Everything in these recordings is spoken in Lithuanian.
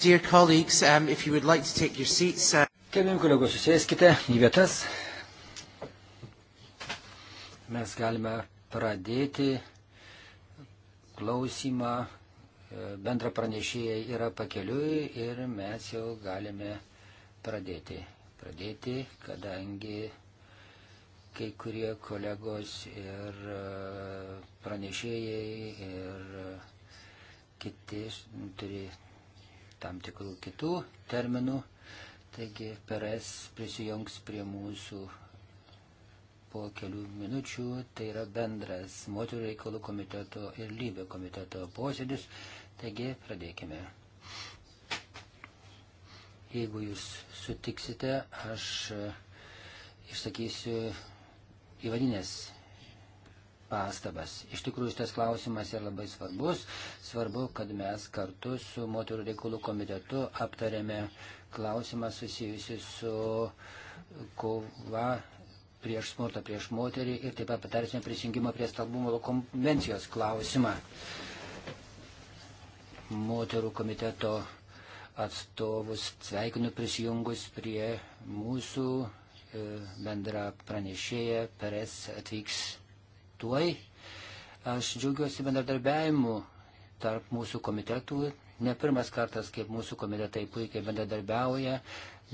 Dear colleagues, um, if you would like to take your seats. Uh... Keliam kolegos, susėskite į vietas. Mes galime pradėti klausimą. E, bendra pranešėjai yra pakeliui ir mes jau galime pradėti. Pradėti, kadangi kai kurie kolegos ir e, pranešėjai ir e, kiti turi tam tikrų kitų terminų. Taigi Peres prisijungs prie mūsų po kelių minučių. Tai yra bendras moterų reikalų komiteto ir lybė komiteto posėdis. Taigi pradėkime. Jeigu jūs sutiksite, aš išsakysiu įvadinės pastabas. Iš tikrųjų, šitas klausimas yra labai svarbus. Svarbu, kad mes kartu su moterų reikalų komitetu aptarėme klausimą susijusi su kova prieš smurtą prieš moterį ir taip pat patarsime prisijungimo prie Stalbumo konvencijos klausimą. Moterų komiteto atstovus sveikinu prisijungus prie mūsų e, bendra pranešėja Peres atvyks tuoj. Aš džiaugiuosi bendradarbiavimu tarp mūsų komitetų. Ne pirmas kartas, kaip mūsų komitetai puikiai bendradarbiauja.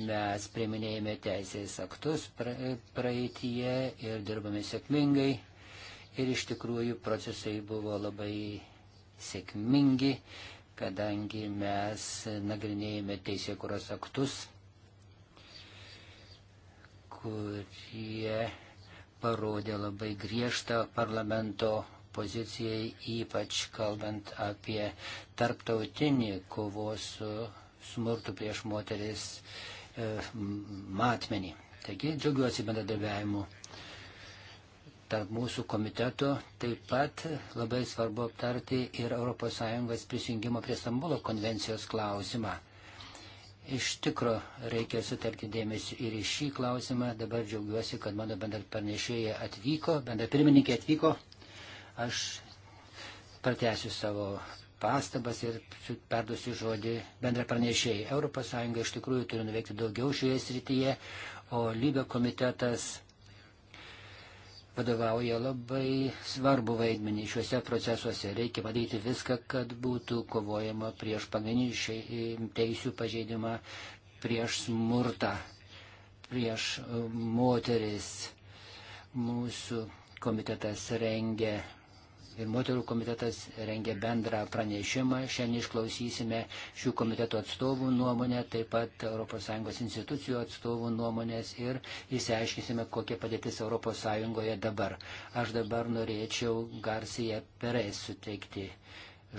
Mes priminėjame teisės aktus praeitie ir dirbame sėkmingai. Ir iš tikrųjų procesai buvo labai sėkmingi, kadangi mes nagrinėjame teisėkuros aktus, kurie parodė labai griežtą parlamento pozicijai, ypač kalbant apie tarptautinį kovos su smurtu prieš moteris e, matmenį. Taigi džiaugiuosi bendradarbiavimu tarp mūsų komiteto. Taip pat labai svarbu aptarti ir ES prisijungimo prie Stambulo konvencijos klausimą. Iš tikro reikia sutelkti dėmesį ir į šį klausimą. Dabar džiaugiuosi, kad mano bendrapranešėja atvyko, bendrapirmininkė atvyko. Aš pratęsiu savo pastabas ir perduosiu žodį bendrapranešėjai. ES iš tikrųjų turi nuveikti daugiau šioje srityje, o lygio komitetas vadovauja labai svarbu vaidmenį šiuose procesuose. Reikia padaryti viską, kad būtų kovojama prieš pagrindinį teisų pažeidimą, prieš smurtą, prieš e, moteris. Mūsų komitetas rengia ir moterų komitetas rengia bendrą pranešimą. Šiandien išklausysime šių komitetų atstovų nuomonę, taip pat ES institucijų atstovų nuomonės ir įsiaiškinsime, kokia padėtis ES dabar. Aš dabar norėčiau Garcija Perez suteikti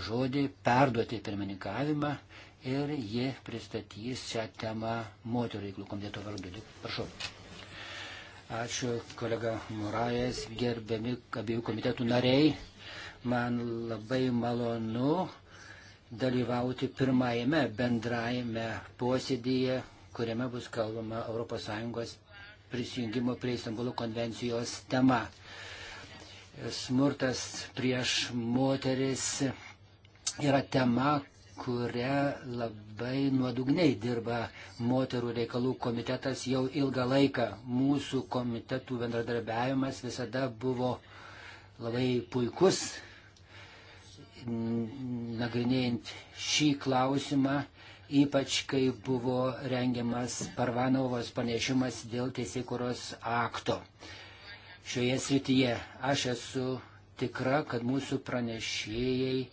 žodį, perduoti pirmininkavimą ir ji pristatys šią temą moterų reiklų komiteto vardu. Prašau. Ačiū kolega Morajas, gerbiami abiejų komitetų nariai. Man labai malonu dalyvauti pirmajame bendrajame posėdėje, kuriame bus kalbama ES prisijungimo prie Istanbulo konvencijos tema. Smurtas prieš moteris yra tema, kuria labai nuodugniai dirba moterų reikalų komitetas jau ilgą laiką. Mūsų komitetų bendradarbiavimas visada buvo labai puikus nagrinėjant šį klausimą, ypač kai buvo rengiamas Parvanovos panešimas dėl teisėkuros akto. Šioje srityje aš esu tikra, kad mūsų pranešėjai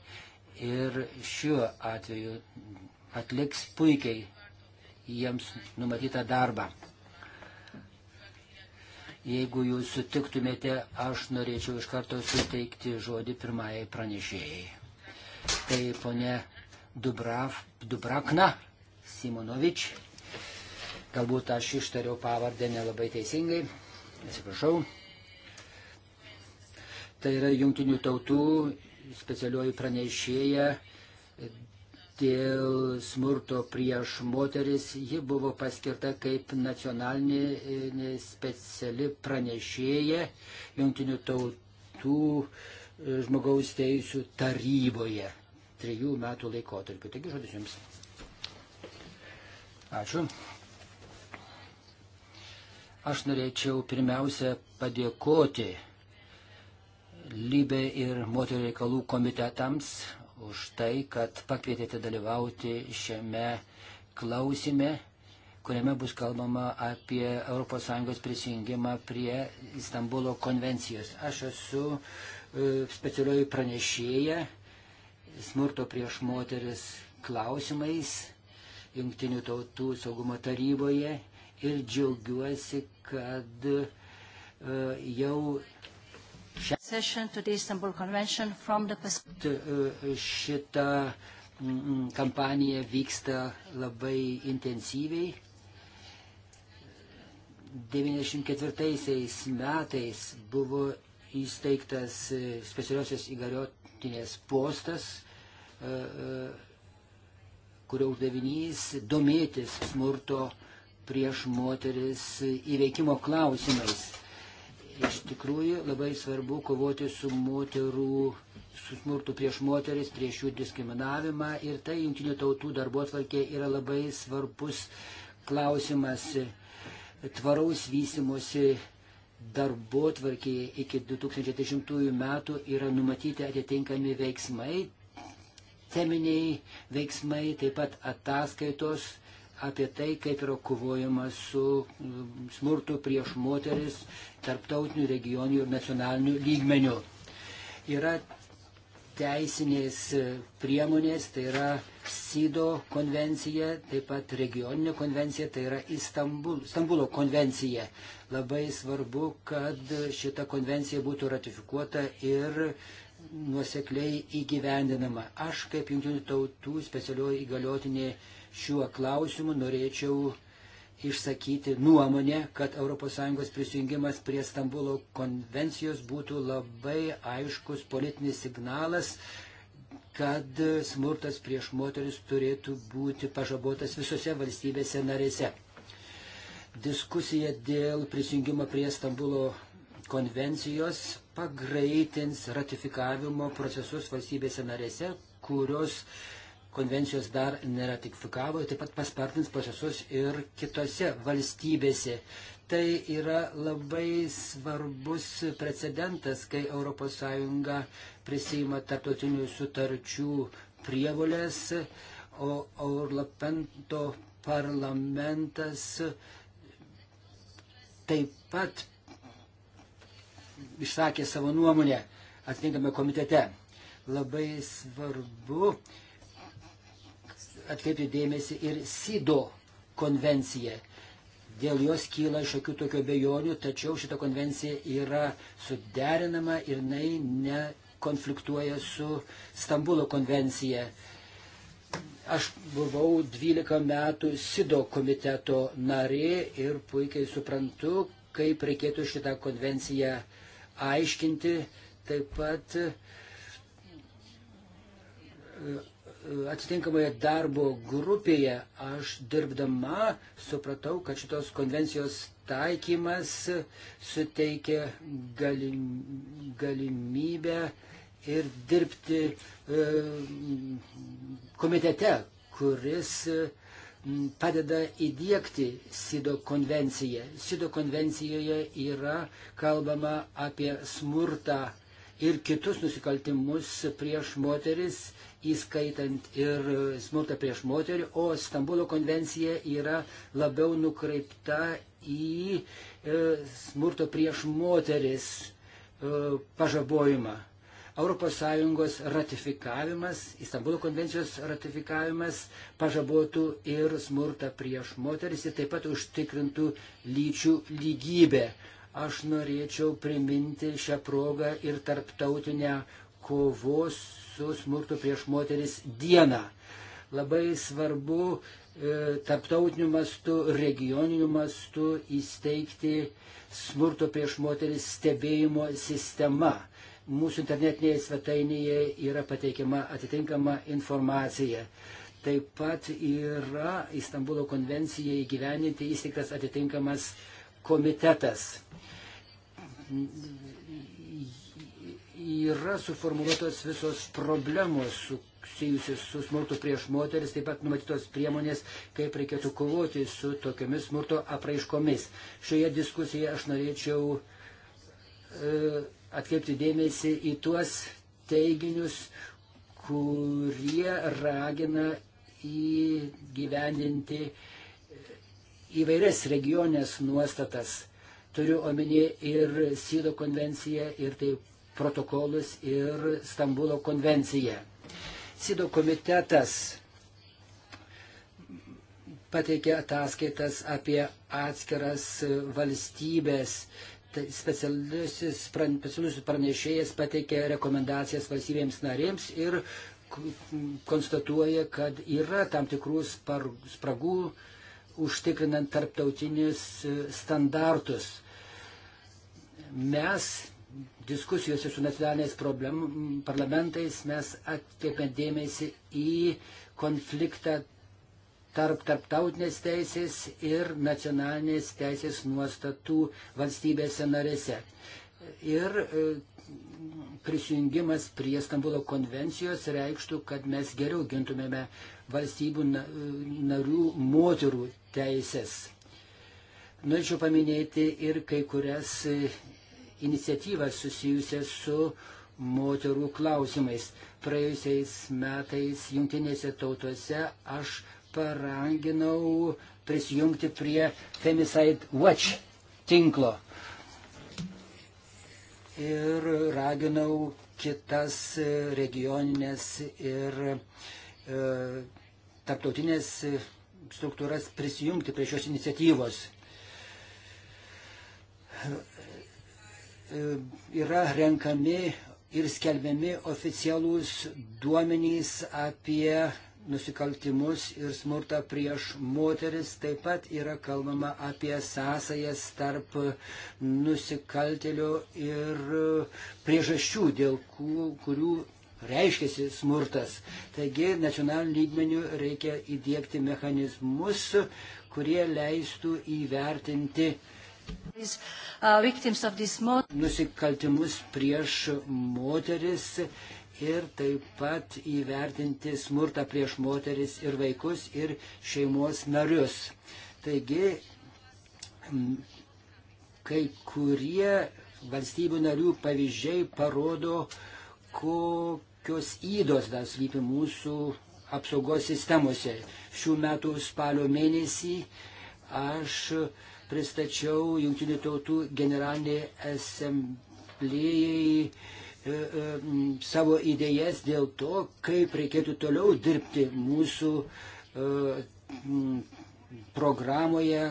ir šiuo atveju atliks puikiai jiems numatytą darbą. Jeigu jūs sutiktumėte, aš norėčiau iš karto suteikti žodį pirmajai pranešėjai tai ponė Dubrav, Dubrakna Simonovič. Galbūt aš ištariau pavardę nelabai teisingai, atsiprašau. Tai yra jungtinių tautų specialioji pranešėja dėl smurto prieš moteris. Ji buvo paskirta kaip nacionalinė e, speciali pranešėja jungtinių tautų E, žmogaus teisų taryboje trijų metų laikotarpiu. Taigi žodis jums. Ačiū. Aš norėčiau pirmiausia padėkoti Libė ir moterų reikalų komitetams už tai, kad pakvietėte dalyvauti šiame klausime, kuriame bus kalbama apie ES prisijungimą prie Istanbulo konvencijos. Aš esu uh, E, specialioji pranešėja smurto prieš moteris klausimais Junktinių tautų saugumo taryboje ir džiaugiuosi, kad e, jau e, šita kampanija vyksta labai intensyviai. 94 metais buvo įsteigtas e, specialiosios įgaliotinės postas, e, e, kurio uždavinys domėtis smurto prieš moteris įveikimo klausimais. Iš tikrųjų labai svarbu kovoti su moterų su smurtu prieš moteris, prieš jų diskriminavimą ir tai jungtinių tautų darbo atvarkė yra labai svarbus klausimas tvaraus vystimosi darbo tvarkėje iki 2010 metų yra numatyti atitinkami veiksmai, teminiai veiksmai, taip pat ataskaitos apie tai, kaip yra kovojama su mm, smurtu prieš moteris tarptautiniu, regioniniu ir nacionaliniu lygmeniu. Yra teisinės priemonės, tai yra SIDO konvencija, taip pat regioninė konvencija, tai yra Istanbul, Stambulo konvencija. Labai svarbu, kad šita konvencija būtų ratifikuota ir nuosekliai įgyvendinama. Aš kaip jungtinių tautų specialioji įgaliotinė šiuo klausimu norėčiau išsakyti nuomonę, kad ES prisijungimas prie Stambulo konvencijos būtų labai aiškus politinis signalas, kad smurtas prieš moteris turėtų būti pažabotas visose valstybėse narėse. Diskusija dėl prisijungimo prie Stambulo konvencijos pagreitins ratifikavimo procesus valstybėse narėse, kurios uh, konvencijos dar neratifikavo ir taip pat paspartins procesus ir kitose valstybėse. Tai yra labai svarbus precedentas, kai ES prisima tarptautinių sutarčių prievolės, o Europento parlamentas taip pat išsakė savo nuomonę atitinkame komitete. Labai svarbu atkreipti dėmesį ir SIDO konvenciją. Dėl jos kyla šiokių tokių bejonių, tačiau šita konvencija yra suderinama ir jinai nekonfliktuoja su Stambulo konvencija. Aš buvau 12 metų SIDO komiteto narė ir puikiai suprantu, kaip reikėtų šitą konvenciją aiškinti. Taip pat atitinkamoje darbo grupėje aš dirbdama supratau, kad šitos konvencijos taikymas suteikia galim, galimybę ir dirbti e, komitete, kuris e, padeda įdėkti SIDO konvenciją. SIDO konvencijoje yra kalbama apie smurtą ir kitus nusikaltimus prieš moteris įskaitant ir smurtą prieš moterį, o Stambulo konvencija yra labiau nukreipta į e, smurto prieš moteris e, pažabojimą. ES ratifikavimas, Istanbulo konvencijos ratifikavimas pažabotų ir smurtą prieš moteris ir taip pat užtikrintų lyčių lygybę aš norėčiau priminti šią progą ir tarptautinę kovos su smurtu prieš moteris dieną. Labai svarbu e, tarptautiniu mastu, regioniniu mastu įsteigti smurto prieš moteris stebėjimo sistema. Mūsų internetinėje svetainėje yra pateikiama atitinkama informacija. Taip pat yra Istanbulo konvencija įgyveninti įsteigtas atitinkamas komitetas yra suformuoluotos visos problemos susijusios su smurtu prieš moteris, taip pat numatytos priemonės, kaip reikėtų kovoti su tokiamis smurto apraiškomis. Šioje diskusijoje aš norėčiau e, atkreipti dėmesį į tuos teiginius, kurie ragina įgyvendinti įvairias regionės nuostatas. Turiu omenyje ir Sido konvenciją ir taip protokolus ir Stambulo konvenciją. SIDO komitetas pateikė ataskaitas apie atskiras valstybės. Tai specialusis pranešėjas pateikė rekomendacijas valstybėms narėms ir konstatuoja, kad yra tam tikrų spragų užtikrinant tarptautinius standartus. Mes diskusijose su nacionaliniais problem, parlamentais mes atkreipėm dėmesį į konfliktą tarp tarptautinės teisės ir nacionalinės teisės nuostatų valstybėse narėse. Ir e, prisijungimas prie Stambulo konvencijos reikštų, kad mes geriau gintumėme valstybių narių moterų teisės. Norėčiau paminėti ir kai kurias iniciatyvas susijusias su moterų klausimais. Praėjusiais metais jungtinėse tautose aš paranginau prisijungti prie Femicide Watch tinklo. Ir raginau kitas regioninės ir e, tarptautinės struktūras prisijungti prie šios iniciatyvos. E, yra renkami ir skelbiami oficialūs duomenys apie nusikaltimus ir smurtą prieš moteris. Taip pat yra kalbama apie sąsajas tarp nusikaltelio ir priežasčių, dėl kurių reiškiasi smurtas. Taigi nacionaliniu lygmeniu reikia įdėkti mechanizmus, kurie leistų įvertinti uh, Uh, Nusikaltimus prieš moteris ir taip pat įvertinti smurtą prieš moteris ir vaikus ir šeimos narius. Taigi, kai kurie valstybių narių pavyzdžiai parodo, kokios įdos dar slypi mūsų apsaugos sistemose. Šių metų spalio mėnesį aš pristačiau Junktinių tautų generaliniai asamblėjai e, e, savo idėjas dėl to, kaip reikėtų toliau dirbti mūsų e, programoje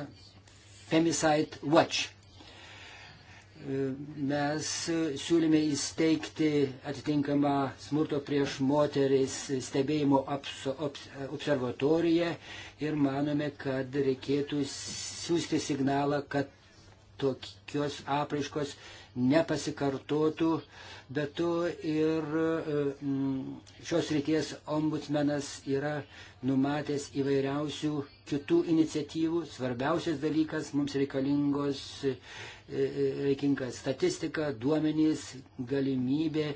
Femicide Watch mes siūlėme įsteigti atitinkamą smurto prieš moteris stebėjimo observatoriją ir manome, kad reikėtų siūsti signalą, kad tokios apraiškos nepasikartotų, bet to ir e, mm, šios ryties ombudsmenas yra numatęs įvairiausių kitų iniciatyvų. Svarbiausias dalykas mums reikalingos e, e, reikinga statistika, duomenys, galimybė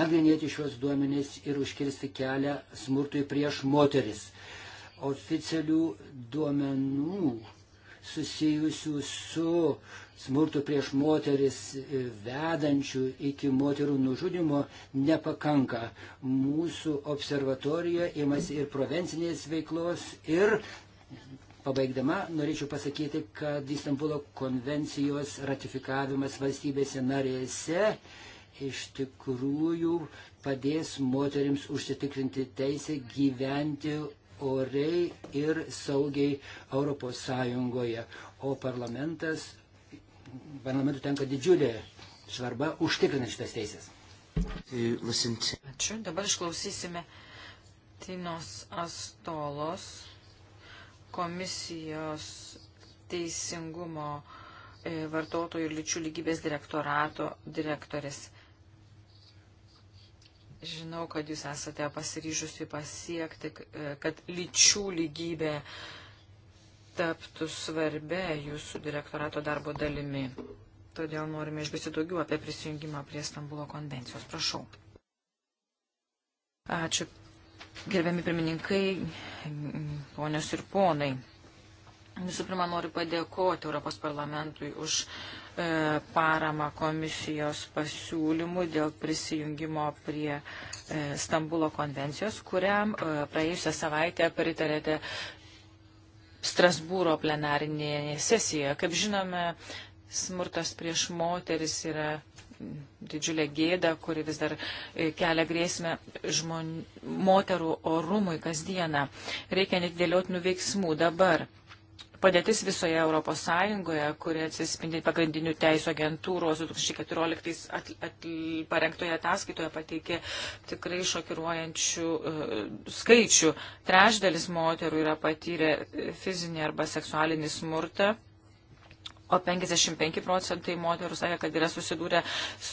nagrinėti šios duomenys ir užkirsti kelią smurtui prieš moteris. Oficialių duomenų susijusių su smurtu prieš moteris vedančių iki moterų nužudimo nepakanka. Mūsų observatorija imasi ir prevencinės veiklos ir Pabaigdama norėčiau pasakyti, kad Istanbulo konvencijos ratifikavimas valstybėse narėse iš tikrųjų padės moteriams užsitikrinti teisę gyventi oriai ir saugiai Europos Sąjungoje. O parlamentas, parlamentu tenka didžiulė svarba užtikrinant šitas teisės. Ačiū. Dabar išklausysime Tinos Astolos komisijos teisingumo e, vartotojų ir lyčių lygybės direktorato direktoris. Žinau, kad jūs esate pasiryžusi pasiekti, e, kad lyčių lygybė taptų svarbia jūsų direktorato darbo dalimi. Todėl norime išgirsti daugiau apie prisijungimą prie Stambulo konvencijos. Prašau. Ačiū, gerbiami pirmininkai, ponios ir ponai. Visų pirma, noriu padėkoti Europos parlamentui už E, paramą komisijos pasiūlymų dėl prisijungimo prie e, Stambulo konvencijos, kuriam e, praėjusią savaitę pritarėte Strasbūro plenarinėje sesijoje. Kaip žinome, smurtas prieš moteris yra didžiulė gėda, kuri vis dar kelia grėsmę žmon, moterų orumui kasdieną. Reikia nedėliotinų veiksmų dabar. Padėtis visoje Europos Sąjungoje, kuri atsispindi pagrindinių teisų agentūros 2014 at, at, parengtoje ataskaitoje pateikė tikrai šokiruojančių uh, skaičių. Trečdalis moterų yra patyrę fizinį arba seksualinį smurtą. O 55 procentai moterų sakė, kad yra susidūrę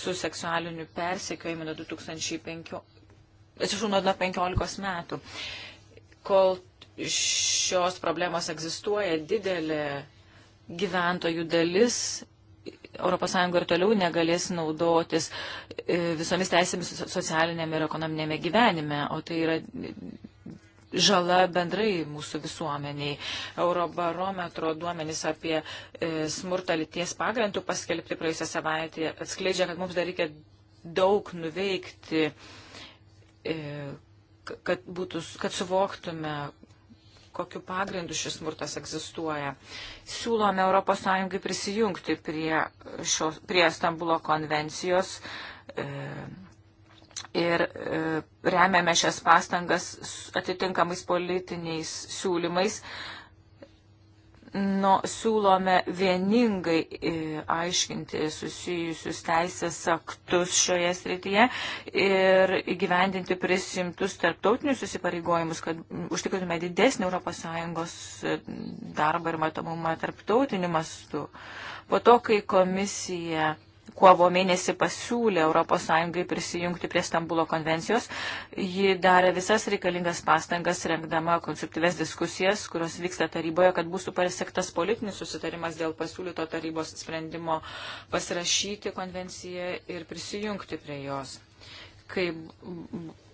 su seksualiniu persekiojimu nuo 2005, atsiprašau, nuo 15 metų. Kol šios problemos egzistuoja didelė gyventojų dalis ES ir toliau negalės naudotis e, visomis teisėmis socialinėme ir ekonominėme gyvenime, o tai yra žala bendrai mūsų visuomeniai. Eurobarometro duomenys apie e, smurtą lyties pagrindų paskelbti praėjusią savaitę atskleidžia, kad mums dar reikia daug nuveikti, e, kad, būtų, kad suvoktume, kokiu pagrindu šis smurtas egzistuoja. Siūlome ES prisijungti prie, šios, prie Stambulo konvencijos. E, ir e, remiame šias pastangas atitinkamais politiniais siūlymais, nu, siūlome vieningai e, aiškinti susijusius teisės aktus šioje srityje ir įgyvendinti prisimtus tarptautinius įsipareigojimus, kad užtikrintume didesnį ES e, darbą ir matomumą tarptautiniu mastu. Po to, kai komisija kovo mėnesį pasiūlė ES prisijungti prie Stambulo konvencijos. Ji darė visas reikalingas pastangas, rengdama konstruktyves diskusijas, kurios vyksta taryboje, kad būtų pasiektas politinis susitarimas dėl pasiūlyto tarybos sprendimo pasirašyti konvenciją ir prisijungti prie jos kaip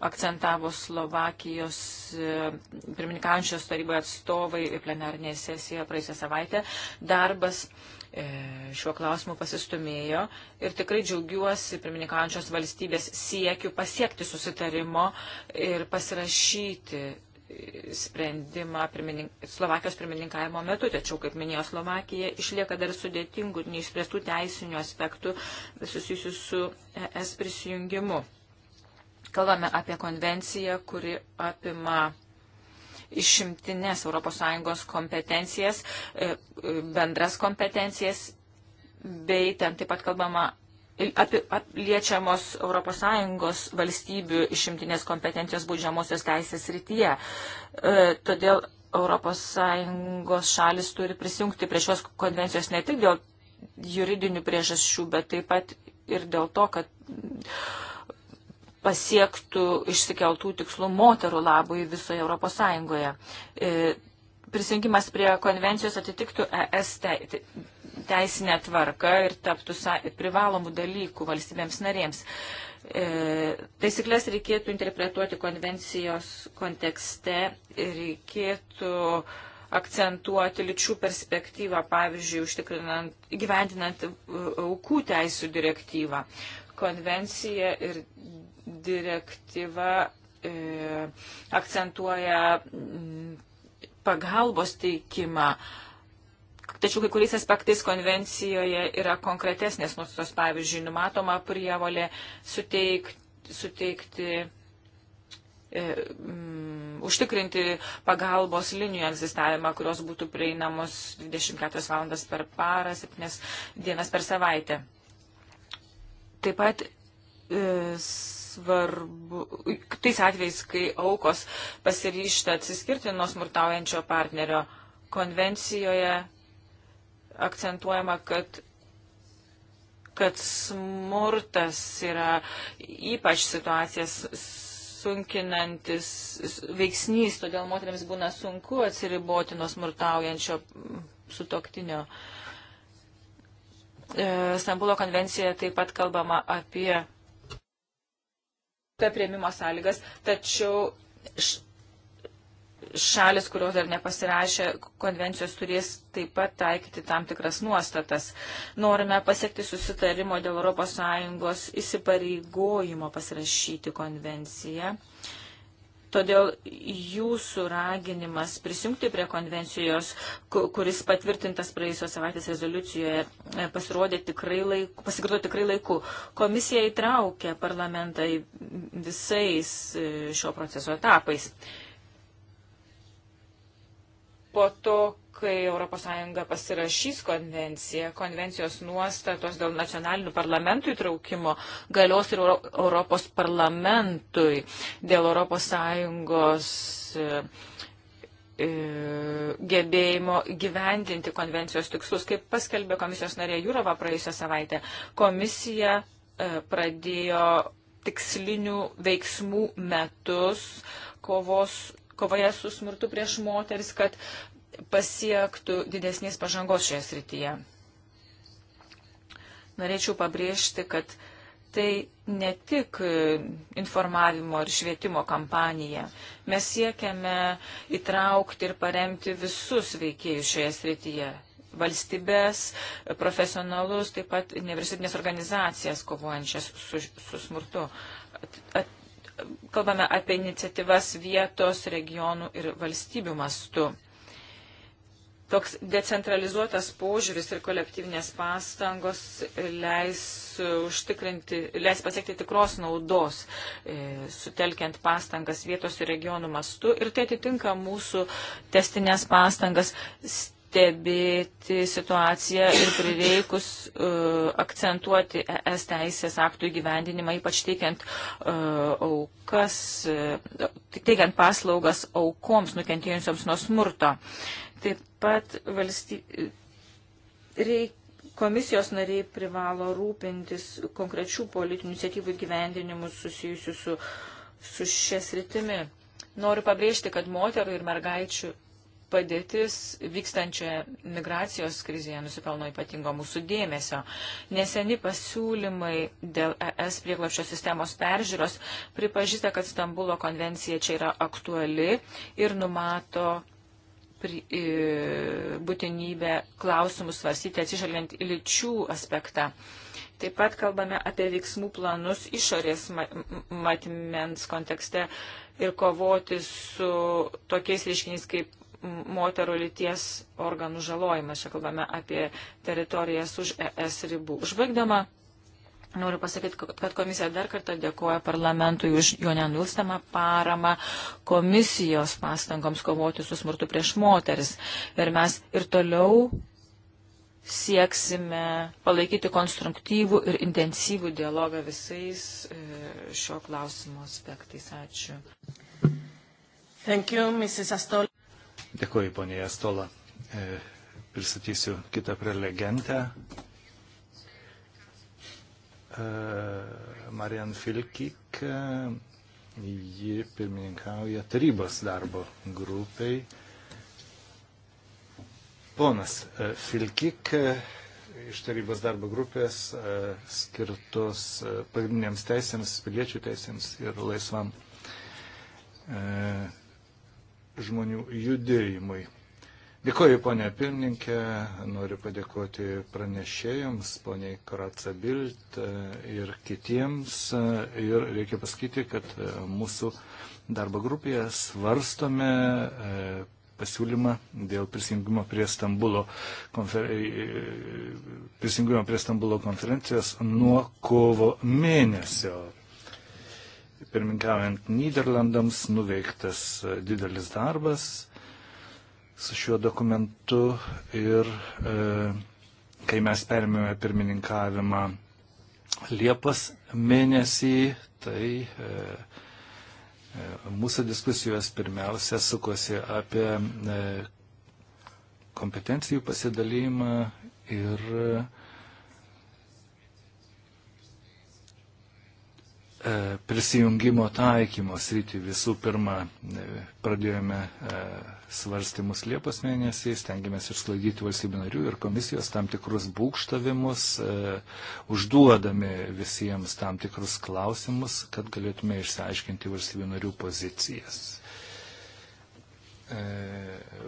akcentavo Slovakijos e, pirmininkaujančios taryboje atstovai plenarnėje sesijoje praėjusią savaitę, darbas E, šiuo klausimu pasistumėjo ir tikrai džiaugiuosi pirmininkaujančios valstybės siekiu pasiekti susitarimo ir pasirašyti sprendimą pirminink, Slovakijos pirmininkavimo metu, tačiau, kaip minėjo Slovakija, išlieka dar sudėtingų ir neišspręstų teisinių aspektų susijusių su ES prisijungimu. Kalbame apie konvenciją, kuri apima išimtinės ES kompetencijas, e, e, bendras kompetencijas, bei ten taip pat kalbama apie liečiamos ES valstybių išimtinės kompetencijos būdžiamosios teisės rytyje. E, todėl ES šalis turi prisijungti prie šios konvencijos ne tik dėl juridinių priežasčių, bet taip pat ir dėl to, kad pasiektų išsikeltų tikslų moterų labui visoje Europos Sąjungoje. E, prisijungimas prie konvencijos atitiktų ES teisinę tvarką ir taptų privalomų dalykų valstybėms narėms. E, taisyklės reikėtų interpretuoti konvencijos kontekste ir reikėtų akcentuoti lyčių perspektyvą, pavyzdžiui, užtikrinant, gyvendinant e, aukų teisų direktyvą. Konvencija ir direktyva e, akcentuoja mm, pagalbos teikimą. Tačiau kai kuriais aspektais konvencijoje yra konkretesnės nuostatos, pavyzdžiui, numatoma prievolė suteikti, suteikti e, m, mm, užtikrinti pagalbos linijų egzistavimą, kurios būtų prieinamos 24 valandas per parą, 7 dienas per savaitę. Taip pat e, s, svarbu, tais atvejais, kai aukos pasiryšta atsiskirti nuo smurtaujančio partnerio. Konvencijoje akcentuojama, kad kad smurtas yra ypač situacijas sunkinantis veiksnys, todėl moteriams būna sunku atsiriboti nuo smurtaujančio sutoktinio. E, Stambulo konvencijoje taip pat kalbama apie ta prieimimo sąlygas, tačiau šalis, kurios dar nepasirašė konvencijos, turės taip pat taikyti tam tikras nuostatas. Norime pasiekti susitarimo dėl ES įsipareigojimo pasirašyti konvenciją. Uh, Todėl jūsų raginimas prisijungti prie konvencijos, kuris patvirtintas praėjusios savaitės rezoliucijoje, e, pasirodė tikrai laiku, pasigirdo tikrai laiku. Komisija įtraukė parlamentą visais e, šio proceso etapais. Po to, kai ES pasirašys konvenciją, konvencijos nuostatos dėl nacionalinių parlamentų įtraukimo galios ir Europos parlamentui dėl ES e, e, gebėjimo gyvendinti konvencijos tikslus. Kaip paskelbė komisijos narė Jūrova praėjusią savaitę, komisija e, pradėjo tikslinių veiksmų metus kovos kovoje su smurtu prieš moteris, kad pasiektų didesnės pažangos šioje srityje. Norėčiau pabrėžti, kad tai ne tik informavimo ir švietimo kampanija. Mes siekiame įtraukti ir paremti visus veikėjus šioje srityje valstybės, profesionalus, taip pat universitinės organizacijas kovojančias su, su smurtu. At, at, kalbame apie iniciatyvas vietos, regionų ir valstybių mastu. Toks decentralizuotas požiūris ir kolektyvinės pastangos leis, užtikrinti, leis pasiekti tikros naudos, e, sutelkiant pastangas vietos ir regionų mastu. Ir tai atitinka mūsų testinės pastangas stebėti situaciją ir prireikus uh, akcentuoti ES teisės aktų įgyvendinimą, ypač teikiant uh, aukas, uh, teikiant paslaugas aukoms nukentėjusioms nuo smurto. Taip pat valsty... reik... komisijos nariai privalo rūpintis konkrečių politinių iniciatyvų gyvendinimu susijusiu su, su šias rytimi. Noriu pabrėžti, kad moterų ir mergaičių padėtis vykstančioje migracijos krizėje nusipelno ypatingo mūsų dėmesio. Neseni pasiūlymai dėl ES prieglapščio sistemos peržiūros pripažįsta, kad Stambulo konvencija čia yra aktuali ir numato E, būtinybę klausimus svarstyti atsižvelgiant į lyčių aspektą. Taip pat kalbame apie veiksmų planus išorės matmens kontekste ir kovoti su tokiais reiškiniais kaip moterų lyties organų žalojimas. Čia kalbame apie teritorijas už ES ribų. Užbaigdama Noriu pasakyti, kad komisija dar kartą dėkoja parlamentui už jo nenulstamą paramą komisijos pastangoms kovoti su smurtu prieš moteris. Ir mes ir toliau sieksime palaikyti konstruktyvų ir intensyvų dialogą visais e, šio klausimo aspektais. Ačiū. Thank you, Mrs. Astola. Dėkuoju, ponė Astola. E, pristatysiu kitą prelegentę. E, Marian Filkik, e, ji pirmininkauja tarybos darbo grupiai. Ponas e, Filkik iš tarybos darbo grupės skirtos pagrindiniams teisėms, piliečių teisėms ir laisvam žmonių judėjimui. Dėkuoju, ponė pirmininkė, noriu padėkoti pranešėjams, poniai Karacabilt e, ir kitiems. E, ir reikia pasakyti, kad e, mūsų darbo grupėje svarstome pasiūlymą dėl prisijungimo prie Stambulo, konfer... prisijungimo prie Stambulo konferencijos nuo kovo mėnesio pirmininkaujant Niderlandams nuveiktas didelis darbas su šiuo dokumentu ir e, kai mes perėmėme pirmininkavimą Liepos mėnesį, tai e, e mūsų diskusijos pirmiausia sukosi apie e, kompetencijų pasidalymą ir e, E, prisijungimo taikymo sritį. Visų pirma, e, pradėjome e, svarstymus Liepos mėnesį, stengiamės išsklaidyti valstybių narių ir komisijos tam tikrus būkštavimus, užduodami visiems tam tikrus klausimus, kad galėtume išsiaiškinti valstybių narių pozicijas.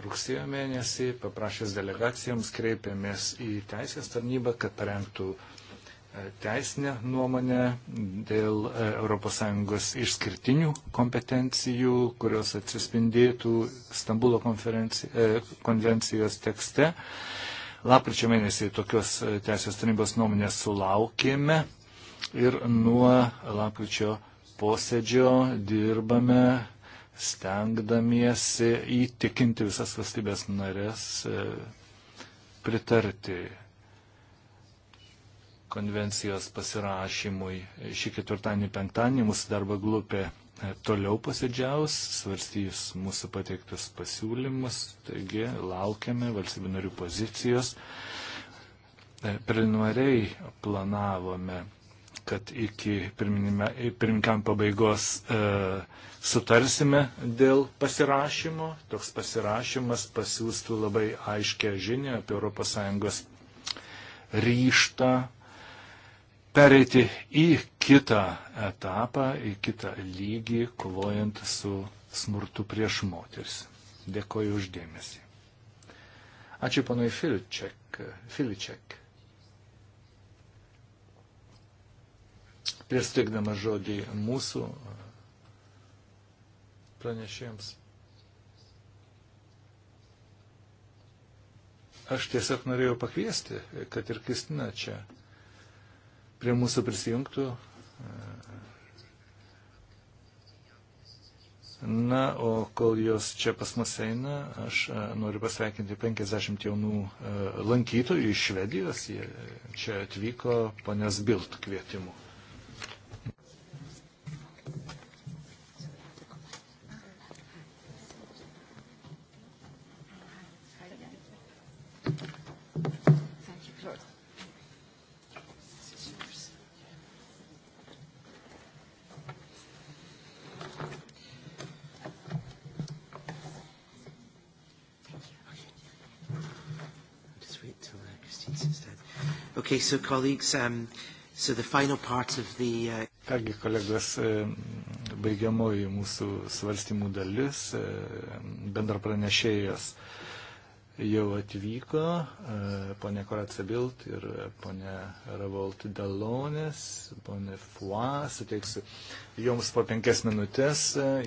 Rugsėjo mėnesį paprašęs delegacijoms kreipėmės į teisės tarnybą, kad parengtų uh, teisinę nuomonę dėl ES išskirtinių kompetencijų, kurios atsispindėtų Stambulo e, konvencijos tekste. Lapkričio mėnesį tokios e, teisės tarnybos nuomonės sulaukėme ir nuo lapkričio posėdžio dirbame stengdamiesi įtikinti visas valstybės narės e, pritarti konvencijos pasirašymui. Šį ketvirtadienį, penktadienį mūsų darbo grupė e, toliau posėdžiaus, svarstys mūsų pateiktus pasiūlymus, taigi laukiame valstybių narių pozicijos. E, preliminariai planavome, kad iki e, pirmininkam pabaigos e, sutarsime dėl pasirašymo. Toks pasirašymas pasiūstų labai aiškę žinę apie ES ryštą pereiti į kitą etapą, į kitą lygį, kovojant su smurtu prieš moteris. Dėkoju uždėmesį. Ačiū panui Filiček. Filiček. Prieš teikdama žodį mūsų pranešėjams. Aš tiesiog norėjau pakviesti, kad ir Kristina čia prie mūsų prisijungtų. Na, o kol jos čia pas mus eina, aš e, noriu pasveikinti 50 jaunų e, lankytojų iš Švedijos. Jie čia atvyko ponios Bilt kvietimu. Okay, so colleagues, um, so the final part of the... Uh... Kągi kolegos, e, baigiamoji mūsų svarstymų dalis, e, bendra pranešėjas jau atvyko, e, ponė Koratsa Bilt ir ponė Ravolt Dalonės, ponė Fua, suteiksiu joms po penkias minutės,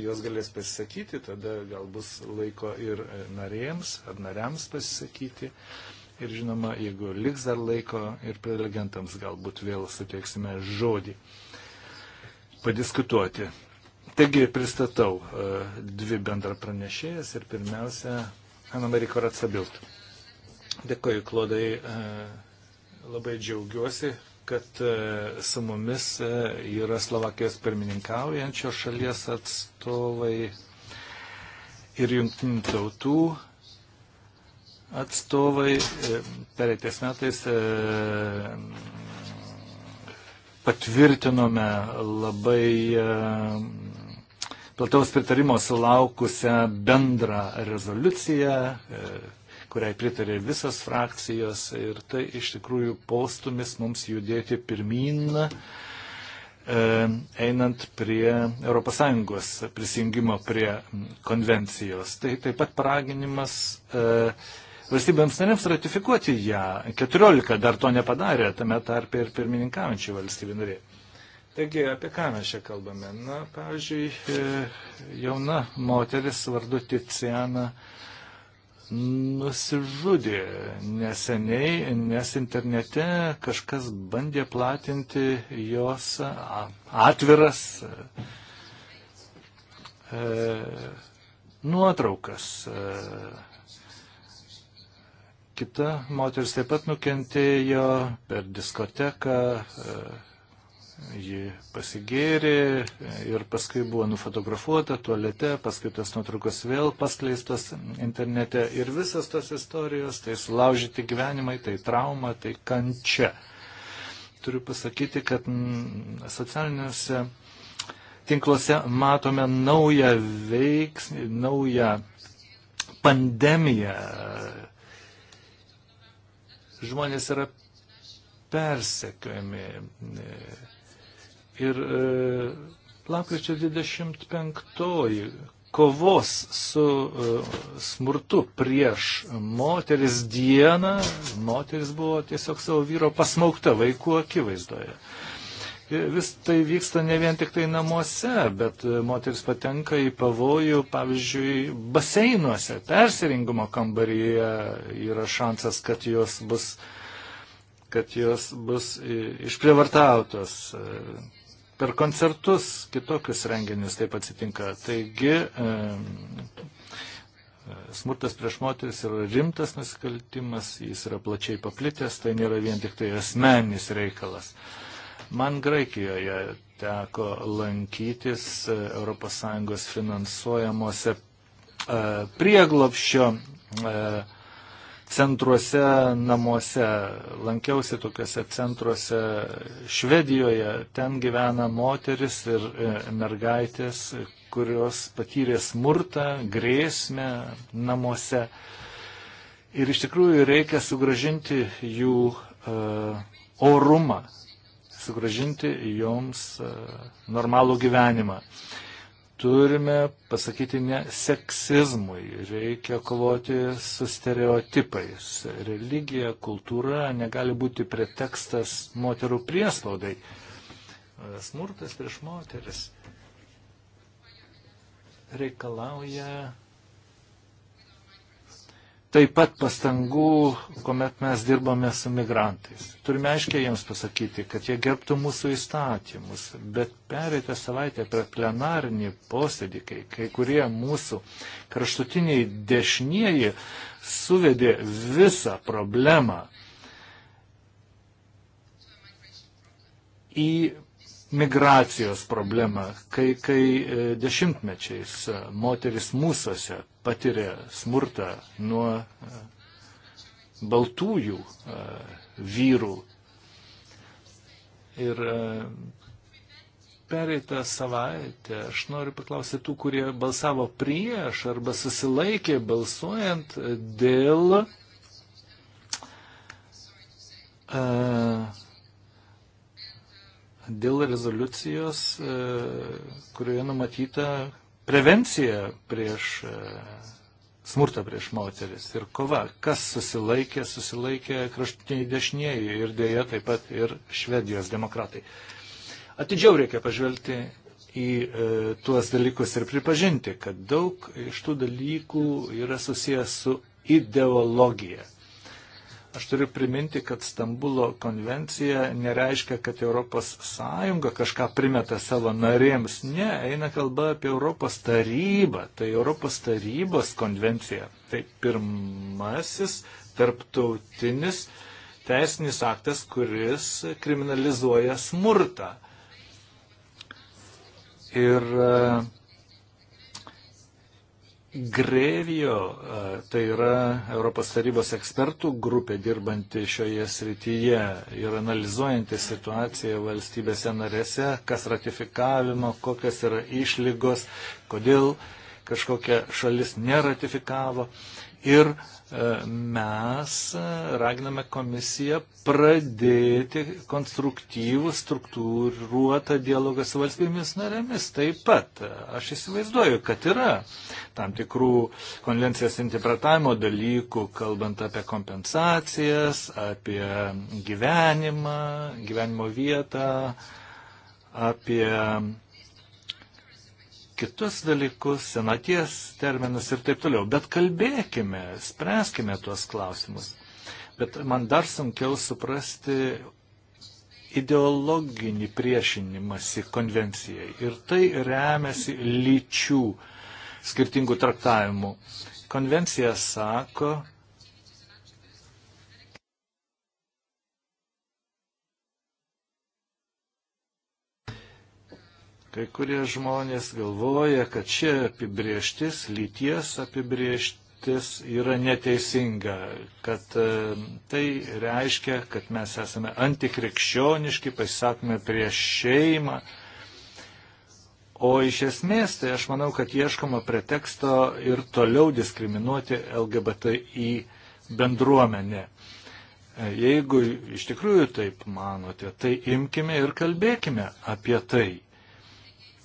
jos galės pasisakyti, tada gal bus laiko ir narėms ar nariams pasisakyti. Uh, ir žinoma, jeigu liks dar laiko ir prelegentams galbūt vėl suteiksime žodį padiskutuoti. Taigi pristatau e, dvi bendra pranešėjas ir pirmiausia Ana Mariko Ratsabilt. Dėkoju, Klodai, e, labai džiaugiuosi, kad e, su mumis yra Slovakijos pirmininkaujančios šalies atstovai ir jungtinių tautų atstovai e, pereitais metais e, patvirtinome labai e, plataus pritarimo sulaukusią bendrą rezoliuciją, kuriai pritarė visas frakcijos ir tai iš tikrųjų postumis mums judėti pirmin einant prie ES prisijungimo prie konvencijos. Tai taip pat paraginimas uh, valstybėms narėms ratifikuoti ją. 14 dar to nepadarė, tame tarpe ir pirmininkaujančių valstybių narė. Taigi, apie ką mes čia kalbame? Na, pavyzdžiui, e, jauna moteris vardu Ticiana nusižudė neseniai, nes internete kažkas bandė platinti jos atviras e, e, nuotraukas. Kita moteris taip pat nukentėjo per diskoteką, e, ji pasigėrė ir paskui buvo nufotografuota tualete, paskui tas nuotraukos vėl paskleistas internete ir visas tas istorijos, tai sulaužyti gyvenimai, tai trauma, tai kančia. Turiu pasakyti, kad mm, socialiniuose tinkluose matome naują veiksmį, naują pandemiją žmonės yra persekiojami. Ir e, lapkričio 25 kovos su e, smurtu prieš moteris dieną, moteris buvo tiesiog savo vyro pasmaukta vaikų akivaizdoje. Vis tai vyksta ne vien tik tai namuose, bet e, moteris patenka į pavojų, pavyzdžiui, baseinuose, persiringumo kambaryje yra šansas, kad jos bus, kad jos bus e, išprievartautos. E, per koncertus kitokius renginius taip atsitinka. Taigi, smurtas prieš moteris yra rimtas nusikaltimas, jis yra plačiai paplitęs, tai nėra vien tik tai asmeninis reikalas. Man Graikijoje teko lankytis ES finansuojamuose e, prieglopščio e, centruose, namuose. Lankiausi tokiuose centruose Švedijoje. Ten gyvena moteris ir e, mergaitės, kurios patyrė smurtą, grėsmę namuose. Ir iš tikrųjų reikia sugražinti jų uh, orumą sugražinti joms e, normalų gyvenimą. Turime pasakyti ne seksizmui, reikia kovoti su stereotipais. Religija, kultūra negali būti pretekstas moterų priespaudai. E, smurtas prieš moteris reikalauja taip pat pastangų, kuomet mes dirbame su migrantais. Turime aiškiai jiems pasakyti, kad jie gerbtų mūsų įstatymus, bet pereitą savaitę per plenarinį posėdį, kai kai kurie mūsų kraštutiniai dešinieji suvedė visą problemą į migracijos problemą, kai, kai e, dešimtmečiais e, moteris mūsose patiria smurtą nuo e, baltųjų vyrų. Ir pereitą savaitę aš noriu paklausyti tų, kurie balsavo prieš arba susilaikė balsuojant dėl uh, dėl rezoliucijos, e, kurioje numatyta prevencija prieš e, smurtą prieš moteris ir kova. Kas susilaikė, susilaikė kraštutiniai dešinieji ir dėja taip pat ir švedijos demokratai. Atidžiau reikia pažvelgti į e, tuos dalykus ir pripažinti, kad daug iš tų dalykų yra susijęs su ideologija. Aš turiu priminti, kad Stambulo konvencija nereiškia, kad ES kažką primeta savo narėms. Ne, eina kalba apie Europos tarybą. Tai Europos tarybos konvencija. Tai pirmasis tarptautinis teisinis aktas, kuris kriminalizuoja smurtą. Ir uh, Grėvijo, tai yra Europos tarybos ekspertų grupė dirbanti šioje srityje ir analizuojanti situaciją valstybėse narėse, kas ratifikavimo, kokios yra išlygos, kodėl kažkokia šalis neratifikavo ir E, mes e, raginame komisiją pradėti konstruktyvų, struktūruotą dialogą su valstybėmis narėmis. Taip pat e, aš įsivaizduoju, kad yra tam tikrų konvencijos interpretavimo dalykų, kalbant apie kompensacijas, apie gyvenimą, gyvenimo vietą, apie kitus dalykus, senaties terminus ir taip toliau. Bet kalbėkime, spręskime tuos klausimus. Bet man dar sunkiau suprasti ideologinį priešinimąsi konvencijai. Ir tai remiasi lyčių skirtingų traktavimų. Konvencija sako, Kai kurie žmonės galvoja, kad ši apibrieštis, lyties apibrieštis yra neteisinga, kad e, tai reiškia, kad mes esame antikrikščioniški, pasisakome prieš šeimą. O iš esmės, tai aš manau, kad ieškoma preteksto ir toliau diskriminuoti LGBTI bendruomenę. E, jeigu iš tikrųjų taip manote, tai imkime ir kalbėkime apie tai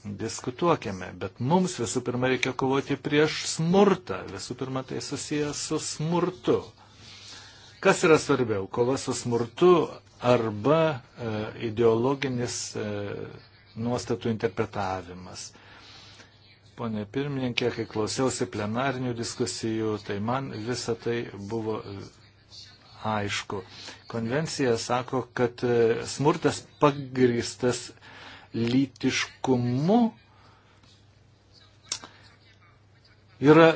diskutuokime, bet mums visų pirma reikia kovoti prieš smurtą, visų pirma tai susijęs su smurtu. Kas yra svarbiau, kova su smurtu arba e, ideologinis e, nuostatų interpretavimas? Pone pirmininkė, kai klausiausi plenarinių diskusijų, tai man visa tai buvo e, aišku. Konvencija sako, kad e, smurtas pagristas lytiškumu yra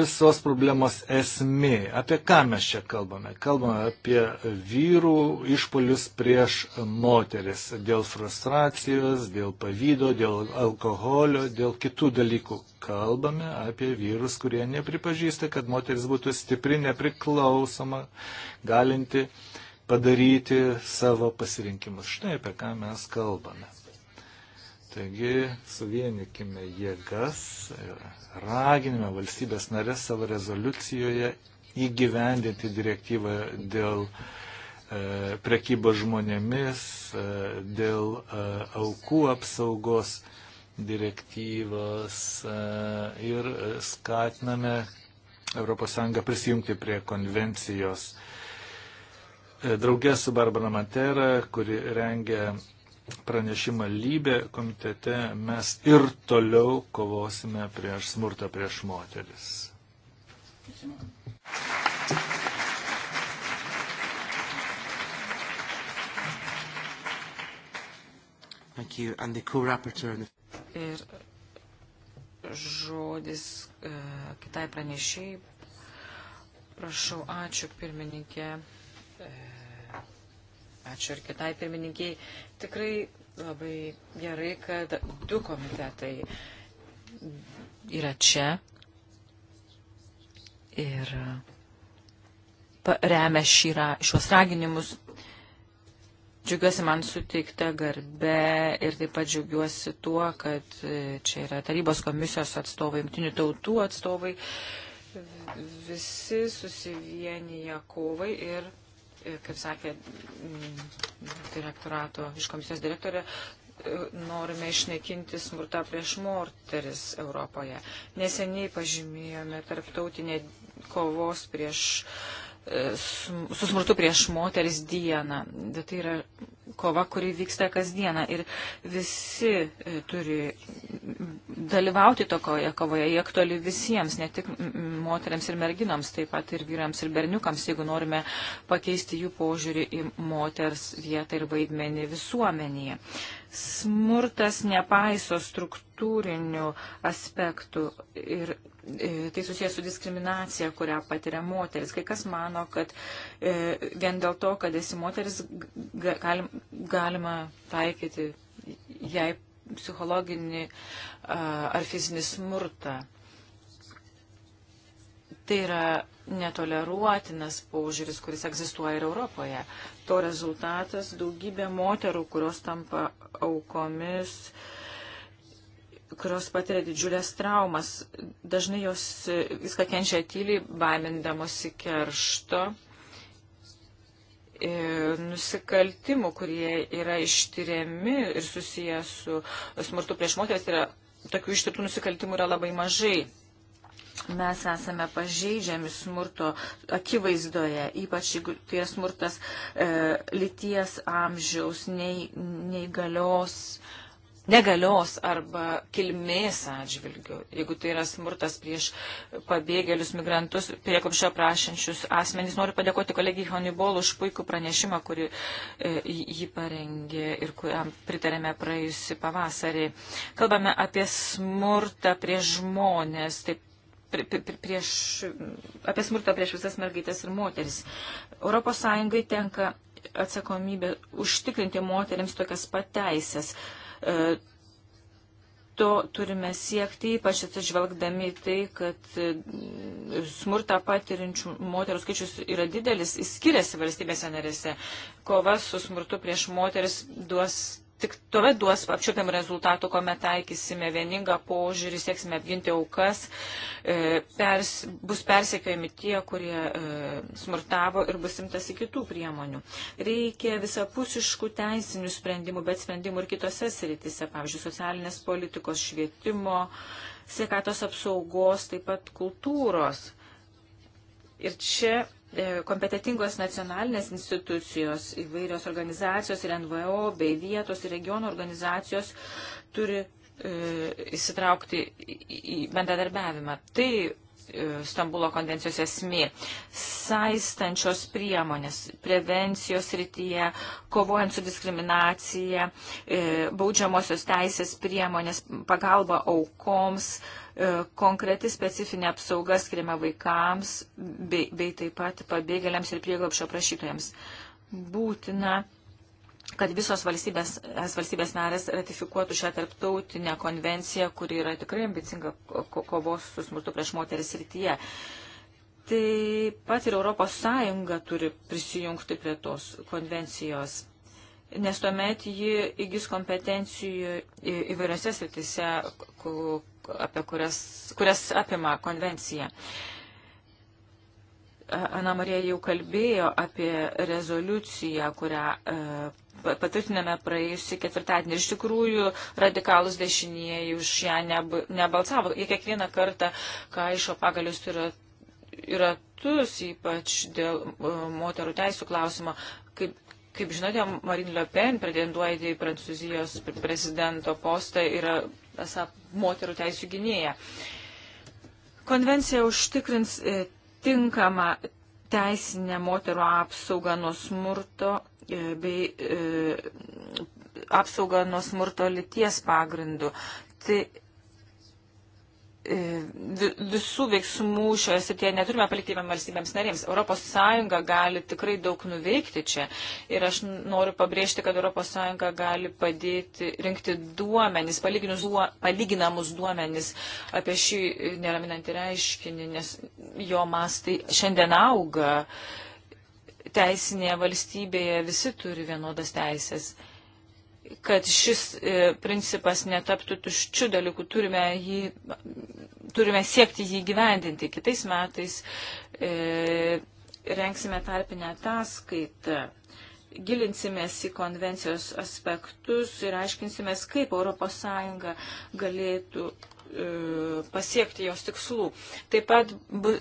visos problemos esmė. Apie ką mes čia kalbame? Kalbame apie vyrų išpolius prieš moteris dėl frustracijos, dėl pavydo, dėl alkoholio, dėl kitų dalykų. Kalbame apie vyrus, kurie nepripažįsta, kad moteris būtų stipri, nepriklausoma, galinti padaryti savo pasirinkimus. Štai apie ką mes kalbame. Taigi suvienikime jėgas ir raginime valstybės narės savo rezoliucijoje įgyvendinti direktyvą dėl e, prekybos žmonėmis, e, dėl e, aukų apsaugos direktyvos e, ir skatiname ES prisijungti prie konvencijos. E, Draugė su Barbara Matera, kuri rengia pranešimą lybę komitete mes ir toliau kovosime prieš smurtą prieš moteris. Ir žodis e, kitai pranešiai. Prašau, ačiū pirmininkė. Ačiū ir kitai pirmininkiai. Tikrai labai gerai, kad du komitetai yra čia ir remia šyra, šios raginimus. Džiugiuosi man suteikta garbe ir taip pat džiugiuosi tuo, kad čia yra tarybos komisijos atstovai, jungtinių tautų atstovai, visi susivienija kovai ir E, kaip sakė mm, direktorato, iš komisijos direktorė, e, norime išnaikinti smurtą prieš morteris Europoje. Neseniai pažymėjome tarptautinę kovos prieš e, su smurtu prieš moteris dieną. Bet tai yra kova, kuri vyksta kasdieną. Ir visi e, turi dalyvauti tokoje kovoje. Jie aktuali visiems, ne tik moteriams ir merginams, taip pat ir vyrams ir berniukams, jeigu norime pakeisti jų požiūrį į moters vietą ir vaidmenį visuomenėje. Smurtas nepaiso struktūrinių aspektų ir E, tai susijęs su diskriminacija, kurią patiria moteris. Kai kas mano, kad e, vien dėl to, kad esi moteris, galima taikyti jai psichologinį ar fizinį smurtą. Tai yra netoleruotinas paužiūris, kuris egzistuoja ir Europoje. To rezultatas daugybė moterų, kurios tampa aukomis uh, kurios patiria didžiulės traumas. Dažnai jos e, viską kenčia tyliai, baimindamosi keršto, nusikaltimų, kurie yra ištyriami ir susiję su smurtu prieš moteris, tai yra, tokių ištirtų nusikaltimų yra labai mažai. Mes esame pažeidžiami smurto akivaizdoje, ypač jeigu tai smurtas e, lyties amžiaus, nei, neįgalios. E, negalios arba kilmės atžvilgių, jeigu tai yra smurtas prieš pabėgėlius, migrantus, priekomšio prašančius asmenys. Noriu padėkoti kolegijai Honibol už puikų pranešimą, kurį e, jį parengė ir kuriam pritarėme praėjusi pavasarį. Kalbame apie smurtą prieš žmonės, taip prieš, apie smurtą prieš visas mergaitės ir moteris. ES tenka atsakomybė užtikrinti moteriams tokias pateisės. E, to turime siekti, ypač atsižvelgdami tai, kad e, smurtą patirinčių moterų skaičius yra didelis, jis skiriasi valstybėse narėse. Kova su smurtu prieš moteris duos tik tuomet duos apčiuopiam rezultatų, kuomet taikysime vieningą požiūrį, sieksime apginti aukas, e, pers, bus persekiojami tie, kurie e, smurtavo ir bus imtasi kitų priemonių. Reikia visapusiškų teisinių sprendimų, bet sprendimų ir kitose sritise, pavyzdžiui, socialinės politikos, švietimo, sveikatos apsaugos, taip pat kultūros. Ir čia E, kompetitingos nacionalinės institucijos, įvairios organizacijos ir NVO bei vietos ir regionų organizacijos turi e, įsitraukti į bendradarbiavimą. Tai E, Stambulo konvencijos esmė. Saistančios priemonės prevencijos rytyje, kovojant su diskriminacija, e, baudžiamosios teisės priemonės, pagalba aukoms, e, konkreti specifinė apsauga skiriama vaikams bei, bei taip pat pabėgėliams ir prieglapšio prašytojams. Būtina kad visos valstybės, valstybės narės ratifikuotų šią tarptautinę konvenciją, kuri yra tikrai ambicinga kovos su smurtu prieš moteris rytyje. Taip pat ir Europos Sąjunga turi prisijungti prie tos konvencijos, nes tuomet ji įgis kompetencijų įvairiose sritise, apie kurias, kurias apima konvencija. Ana Marija jau kalbėjo apie rezoliuciją, kurią e, patvirtiname praėjusį ketvirtadienį. Iš tikrųjų, radikalus dešinieji už ją neb nebalsavo. Jie kiekvieną kartą kaišo pagalius yra, yra tus, ypač dėl e, moterų teisų klausimo. Kaip, kaip žinote, Marine Le Pen, pretenduojate į Prancūzijos prezidento postą, yra esą moterų teisų gynėja. Konvencija užtikrins e, tinkamą teisinę moterų apsaugą nuo smurto E, bei e, apsaugą nuo smurto lyties pagrindų. Tai e, visų veiksmų šioje srityje neturime palikti valstybėms narėms. ES gali tikrai daug nuveikti čia. Ir aš noriu pabrėžti, kad ES gali padėti rinkti duomenis, duo, palyginamus duomenis apie šį neraminantį reiškinį, nes jo mastai šiandien auga. E, teisinėje valstybėje visi turi vienodas teisės. Kad šis e, principas netaptų tuščių dalykų, turime, jį, turime siekti jį gyvendinti. Kitais metais e, renksime tarpinę ataskaitą, gilinsimės į konvencijos aspektus ir aiškinsimės, kaip ES galėtų e, pasiekti jos tikslų. Taip pat bu,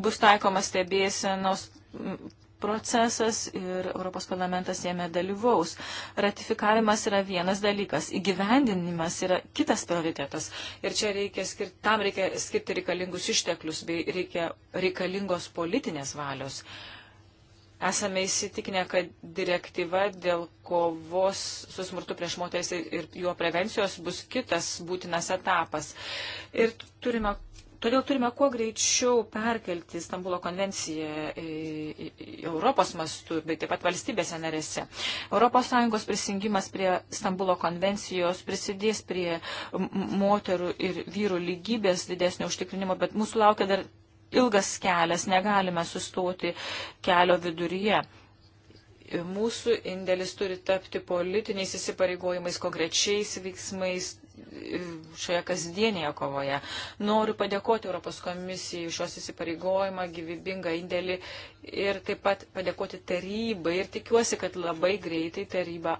bus taikomas stebėsenos procesas ir Europos parlamentas jame dalyvaus. Ratifikavimas yra vienas dalykas, įgyvendinimas yra kitas prioritetas. Ir čia reikia skirti, tam reikia skirti reikalingus išteklius bei reikia reikalingos politinės valios. Esame įsitikinę, kad direktyva dėl kovos su smurtu prieš moteris ir, ir jo prevencijos bus kitas būtinas etapas. Ir turime Todėl turime kuo greičiau perkelti Stambulo konvenciją į Europos mastų, bet taip pat valstybėse narėse. ES prisingimas prie Stambulo konvencijos prisidės prie moterų ir vyrų lygybės didesnio užtikrinimo, bet mūsų laukia dar ilgas kelias, negalime sustoti kelio viduryje mūsų indėlis turi tapti politiniais įsipareigojimais, konkrečiais veiksmais, šioje kasdienėje kovoje. Noriu padėkoti Europos komisijai šios įsipareigojimą, gyvybingą indėlį ir taip pat padėkoti tarybai ir tikiuosi, kad labai greitai taryba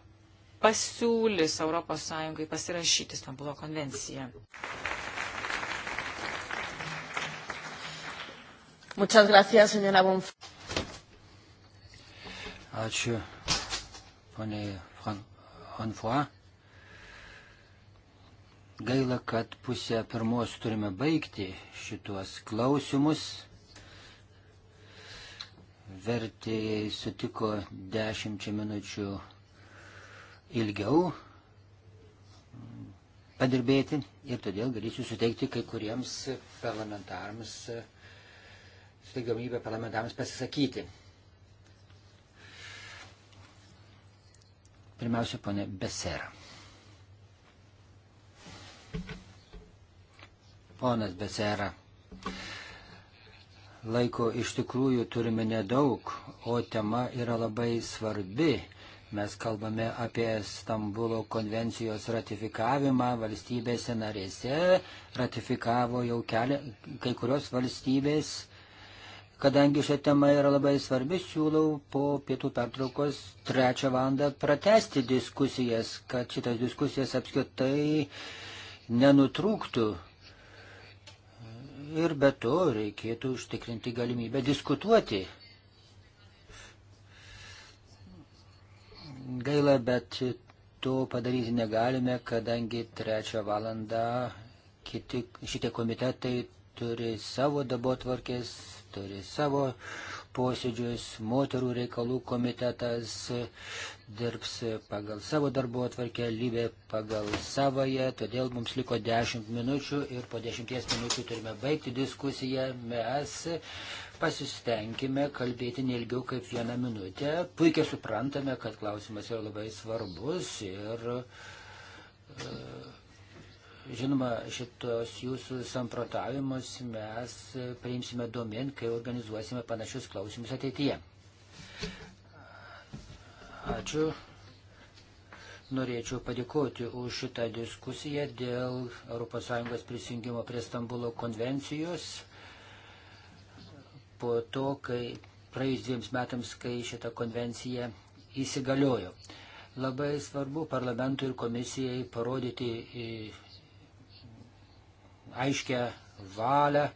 pasiūlys ES pasirašyti Stambulo konvenciją. Muchas gracias, señora Bonf. Ačiū, poniai Anfoa. Gaila, kad pusę pirmos turime baigti šituos klausimus. Vertėjai sutiko dešimčia minučių ilgiau padirbėti ir todėl galėsiu suteikti kai kuriems parlamentarams, suteikti galimybę parlamentarams pasisakyti. Pirmiausia, ponė Besera. Ponas Besera, laiko iš tikrųjų turime nedaug, o tema yra labai svarbi. Mes kalbame apie Stambulo konvencijos ratifikavimą valstybėse narėse. Ratifikavo jau keli, kai kurios valstybės. Kadangi šią temą yra labai svarbi, siūlau po pietų pertraukos trečią valandą pratesti diskusijas, kad šitas diskusijas apskritai nenutrūktų. Ir be to reikėtų užtikrinti galimybę diskutuoti. Gaila, bet to padaryti negalime, kadangi trečią valandą kiti, šitie komitetai turi savo darbo tvarkės, turi savo posėdžius, moterų reikalų komitetas, dirbs pagal savo darbo atvarkę, lybė pagal savoje, todėl mums liko 10 minučių ir po 10 minučių turime baigti diskusiją. Mes pasistengime kalbėti neilgiau kaip vieną minutę. Puikiai suprantame, kad klausimas yra labai svarbus ir e, žinoma, šitos jūsų samprotavimus mes priimsime domin, kai organizuosime panašius klausimus ateityje. Ačiū. Norėčiau padėkoti už šitą diskusiją dėl ES prisijungimo prie Stambulo konvencijos. Po to, kai praėjus dviems metams, kai šita konvencija įsigaliojo. Labai svarbu parlamentui ir komisijai parodyti e, aiškę valią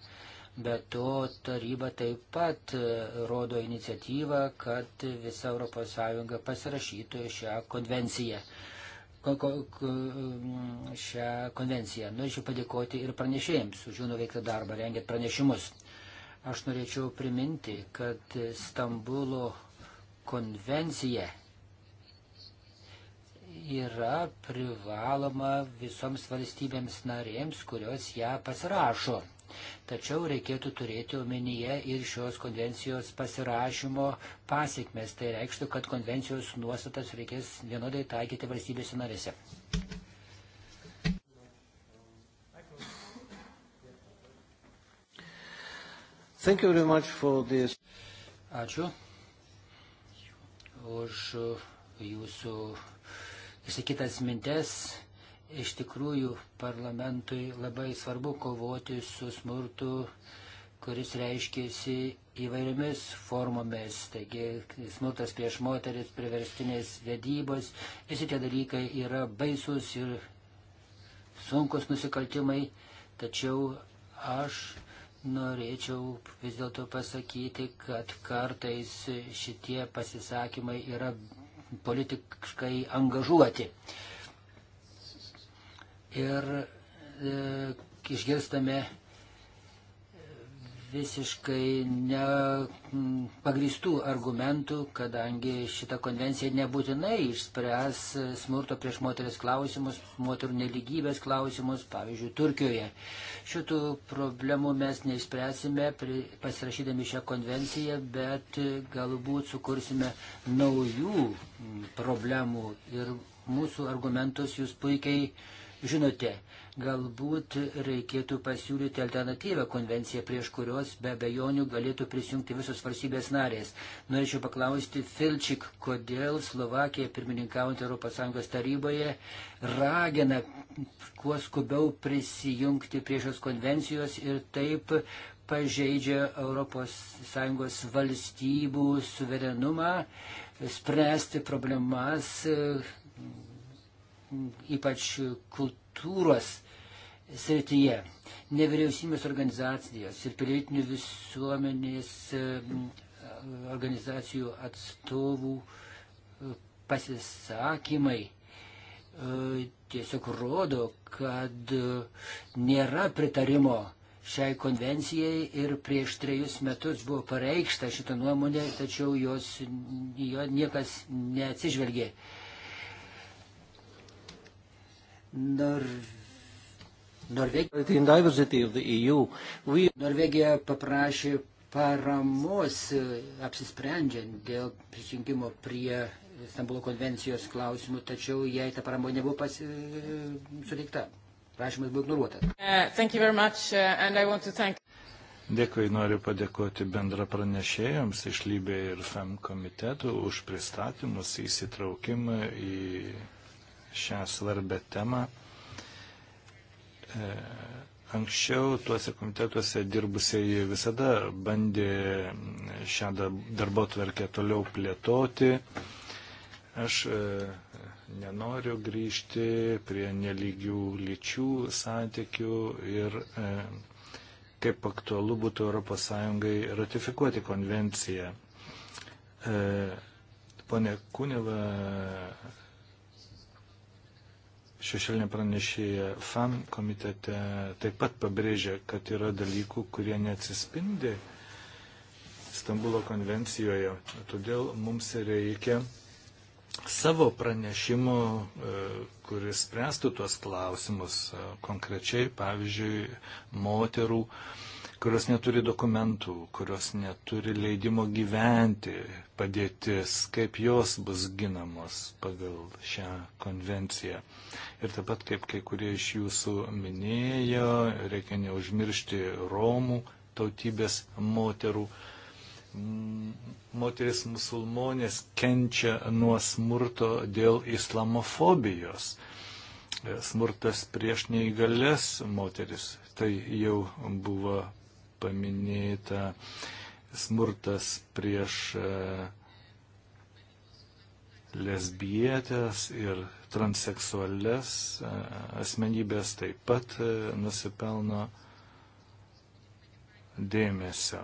Bet to taryba taip pat e, rodo iniciatyvą, kad visa ES pasirašytų šią konvenciją. Šią konvenciją. Norėčiau padėkoti ir pranešėjams už jų nuveiktą darbą, rengiant pranešimus. Aš norėčiau priminti, kad Stambulo konvencija yra privaloma visoms valstybėms narėms, kurios ją pasirašo. Tačiau reikėtų turėti omenyje ir šios konvencijos pasirašymo pasiekmes. Tai reikštų, kad konvencijos nuostatas reikės vienodai taikyti valstybėse narėse. Thank you very much for this. Ačiū už jūsų išsakytas mintes. Iš tikrųjų, parlamentui labai svarbu kovoti su smurtu, kuris reiškėsi įvairiomis formomis. Taigi smurtas prieš moteris, priverstinės vedybos, visi tie dalykai yra baisus ir sunkus nusikaltimai. Tačiau aš norėčiau vis dėlto pasakyti, kad kartais šitie pasisakymai yra politiškai angažuoti. Uh, ir e, išgirstame visiškai nepagristų argumentų, kadangi šita konvencija nebūtinai išspręs smurto prieš moteris klausimus, moterų neligybės klausimus, pavyzdžiui, Turkijoje. Šitų problemų mes neišspręsime pasirašydami šią konvenciją, bet galbūt sukursime naujų problemų ir mūsų argumentus jūs puikiai žinutė. Galbūt reikėtų pasiūlyti alternatyvą konvenciją, prieš kurios be bejonių galėtų prisijungti visos valstybės narės. Norėčiau paklausti Filčik, kodėl Slovakija, pirmininkaujant ES taryboje, ragina kuo skubiau prisijungti prie šios konvencijos ir taip pažeidžia ES valstybių suverenumą spręsti problemas ypač kultūros srityje. Nevyriausybės organizacijos ir pilietinių visuomenės e, organizacijų atstovų e, pasisakymai e, tiesiog rodo, kad nėra pritarimo šiai konvencijai ir prieš trejus metus buvo pareikšta šitą nuomonę, tačiau jos, jo niekas neatsižvelgė. Uh, Nor... Norvegija. E we... Norvegija paprašė paramos e, apsisprendžiant dėl prisijungimo prie Stambulo konvencijos klausimų, tačiau jai ta parama nebuvo pasi... E, suteikta. Prašymas buvo ignoruotas. Uh, uh thank... Dėkui, noriu padėkoti bendra pranešėjams iš Lybė ir FEM komitetų už pristatymus, įsitraukimą į šią svarbę temą. E, anksčiau tuose komitetuose dirbusieji visada bandė šią darbo tvarkę toliau plėtoti. Aš e, nenoriu grįžti prie neligių lyčių santykių ir e, kaip aktualu būtų ES ratifikuoti konvenciją. Pone Kuneva šešėlinė pranešėja FAM komitete taip pat pabrėžė, kad yra dalykų, kurie neatsispindi Stambulo konvencijoje. Todėl mums reikia savo pranešimo, e, kuris spręstų tuos klausimus e, konkrečiai, pavyzdžiui, moterų kurios neturi dokumentų, kurios neturi leidimo gyventi padėtis, kaip jos bus ginamos pagal šią konvenciją. Ir taip pat, kaip kai kurie iš jūsų minėjo, reikia neužmiršti Romų tautybės moterų moteris musulmonės kenčia nuo smurto dėl islamofobijos. Smurtas prieš neįgalias moteris. Tai jau buvo paminėta smurtas prieš e, lesbietės ir transseksuales e, asmenybės taip pat e, nusipelno dėmesio.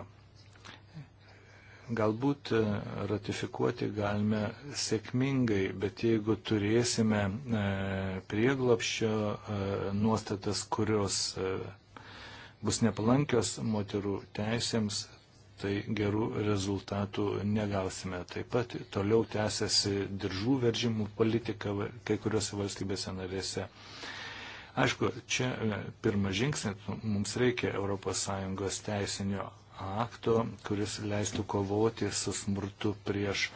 Galbūt ratifikuoti galime sėkmingai, bet jeigu turėsime prieglopščio nuostatas, kurios bus nepalankios moterų teisėms, tai gerų rezultatų negausime. Taip pat toliau tęsiasi diržų veržimų politika kai kuriuose valstybėse narėse. Aišku, čia e, pirmas žingsnis, mums reikia ES teisinio akto, kuris leistų kovoti su smurtu prieš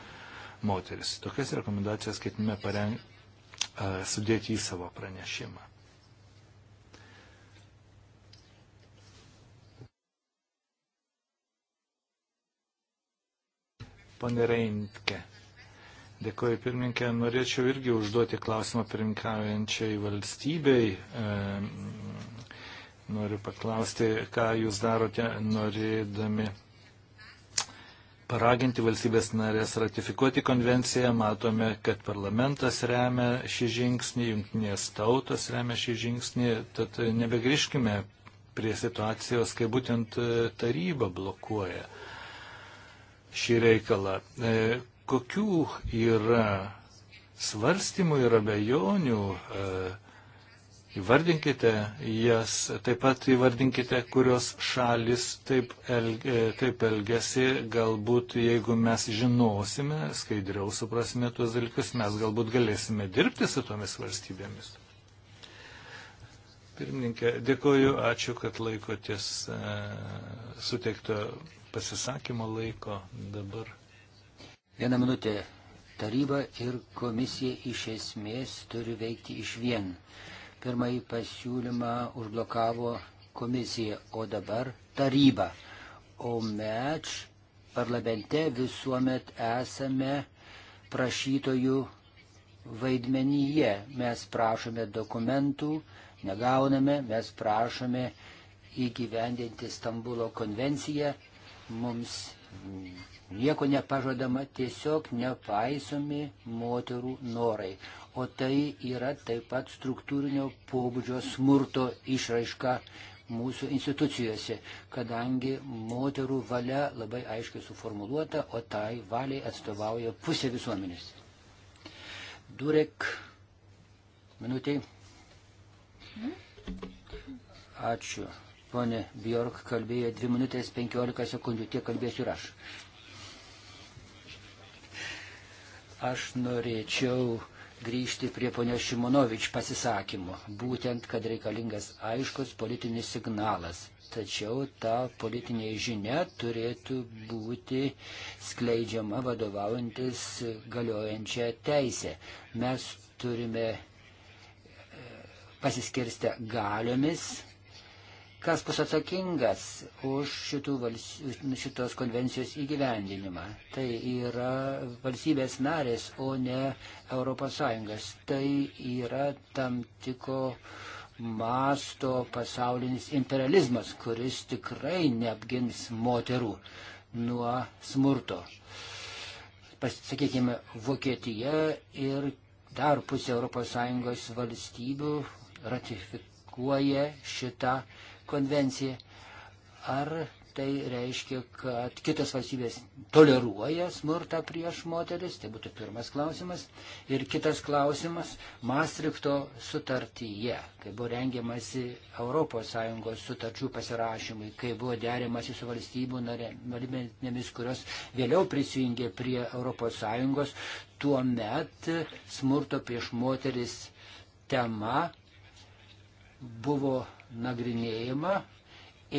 moteris. Tokias rekomendacijas ketinime pareng... E, sudėti į savo pranešimą. ponė Reintke. Dėkuoju, pirmininkė. Norėčiau irgi užduoti klausimą pirmininkaujančiai valstybei. Noriu paklausti, ką jūs darote norėdami paraginti valstybės narės ratifikuoti konvenciją. Matome, kad parlamentas remia šį žingsnį, jungtinės tautos remia šį žingsnį. Tad e, nebegrįžkime prie situacijos, kai būtent e, taryba blokuoja šį reikalą. E, kokių yra svarstymų ir abejonių? E, įvardinkite jas, taip pat įvardinkite, kurios šalis taip, elge, taip elgesi, galbūt jeigu mes žinosime, skaidriau suprasime tuos dalykus, mes galbūt galėsime dirbti su tomis valstybėmis. Pirmininkė, dėkoju, ačiū, kad laikotės e, suteikto pasisakymo laiko dabar. Vieną minutę. Taryba ir komisija iš esmės turi veikti iš vien. Pirmąjį pasiūlymą užblokavo komisija, o dabar taryba. O meč parlamente visuomet esame prašytojų vaidmenyje. Mes prašome dokumentų, negauname, mes prašome įgyvendinti Stambulo konvenciją, mums nieko nepažadama, tiesiog nepaisomi moterų norai. O tai yra taip pat struktūrinio pobūdžio smurto išraiška mūsų institucijose, kadangi moterų valia labai aiškiai suformuoluota, o tai valiai atstovauja pusė visuomenės. Durek, minutė. Mhm. Ačiū. Pone Bjork kalbėjo 2 minutės 15 sekundžių, tiek kalbėsiu ir aš. Aš norėčiau grįžti prie ponios Šimonovič pasisakymų, būtent, kad reikalingas aiškus politinis signalas. Tačiau ta politinė žinia turėtų būti skleidžiama vadovaujantis galiojančią teisę. Mes turime e, pasiskirstę galiomis kas bus atsakingas už vals... šitos konvencijos įgyvendinimą. Tai yra valstybės narės, o ne ES. Tai yra tam tiko masto pasaulinis imperializmas, kuris tikrai neapgins moterų nuo smurto. Pasakykime, Vokietija ir dar pusė ES valstybių ratifikuoja šitą konvenciją konvenciją. Ar tai reiškia, kad kitos valstybės toleruoja smurtą prieš moteris? Tai būtų pirmas klausimas. Ir kitas klausimas - Maastrichto sutartyje, kai buvo rengiamasi ES sutarčių pasirašymui, kai buvo derimasi su valstybių narėmis, kurios vėliau prisijungė prie ES, tuo met smurto prieš moteris tema buvo nagrinėjama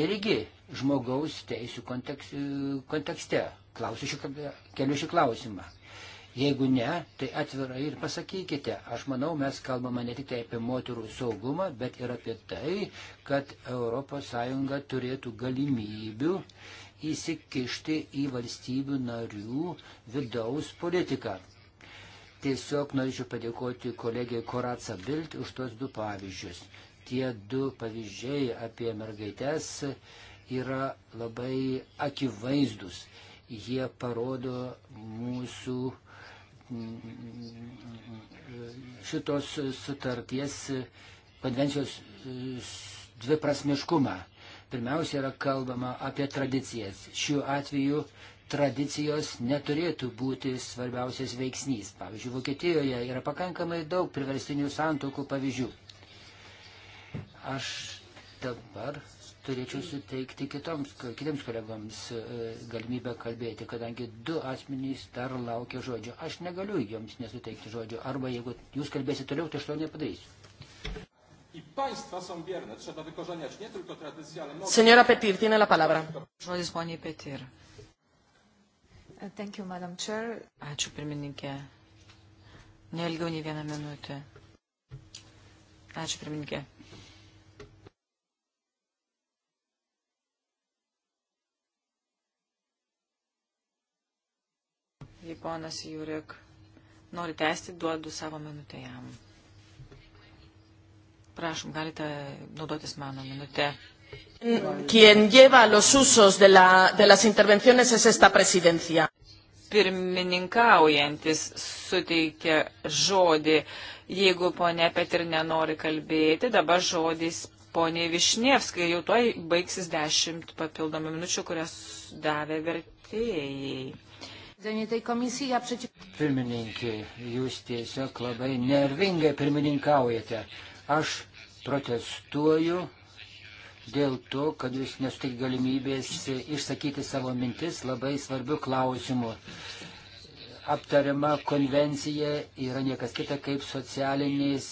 irgi žmogaus teisų kontekste. Klausiu šį, keliu šį klausimą. Jeigu ne, tai atvirai ir pasakykite. Aš manau, mes kalbame ne tik tai apie moterų saugumą, bet ir apie tai, kad ES turėtų galimybių įsikišti į valstybių narių vidaus politiką. Tiesiog norėčiau padėkoti kolegijai Koratsa Bilt už tos du pavyzdžius tie du pavyzdžiai apie mergaitės yra labai akivaizdus. Jie parodo mūsų šitos sutarties konvencijos dviprasmiškumą. Pirmiausia yra kalbama apie tradicijas. Šiuo atveju tradicijos neturėtų būti svarbiausias veiksnys. Pavyzdžiui, Vokietijoje yra pakankamai daug priverstinių santokų pavyzdžių. Aš dabar turėčiau suteikti kitoms, kitiems kolegoms e, galimybę kalbėti, kadangi du asmenys dar laukia žodžio. Aš negaliu joms nesuteikti žodžio, arba jeigu jūs kalbėsite toliau, tai aš to nepadarysiu. Senora Petir, tiene la palabra. Žodis poniai Petir. Uh, thank you, Madam Chair. Ačiū, pirmininkė. Neilgiau nei vieną minutę. Ačiū, pirmininkė. Jei ponas Jurek nori tęsti, duodu savo minutę jam. Prašom, galite naudotis mano minutę. Quien lleva los usos de, la, de las intervenciones es esta presidencia. Pirmininkaujantis suteikia žodį. Jeigu ponė Petir nenori kalbėti, dabar žodis ponė Višnievskai, jau tuoj baigsis dešimt papildomų minučių, kurias davė vertėjai. Pirmininkė, jūs tiesiog labai nervingai pirmininkaujate. Aš protestuoju dėl to, kad jūs nesutik galimybės išsakyti savo mintis labai svarbių klausimų. Aptariama konvencija yra niekas kita kaip socialinės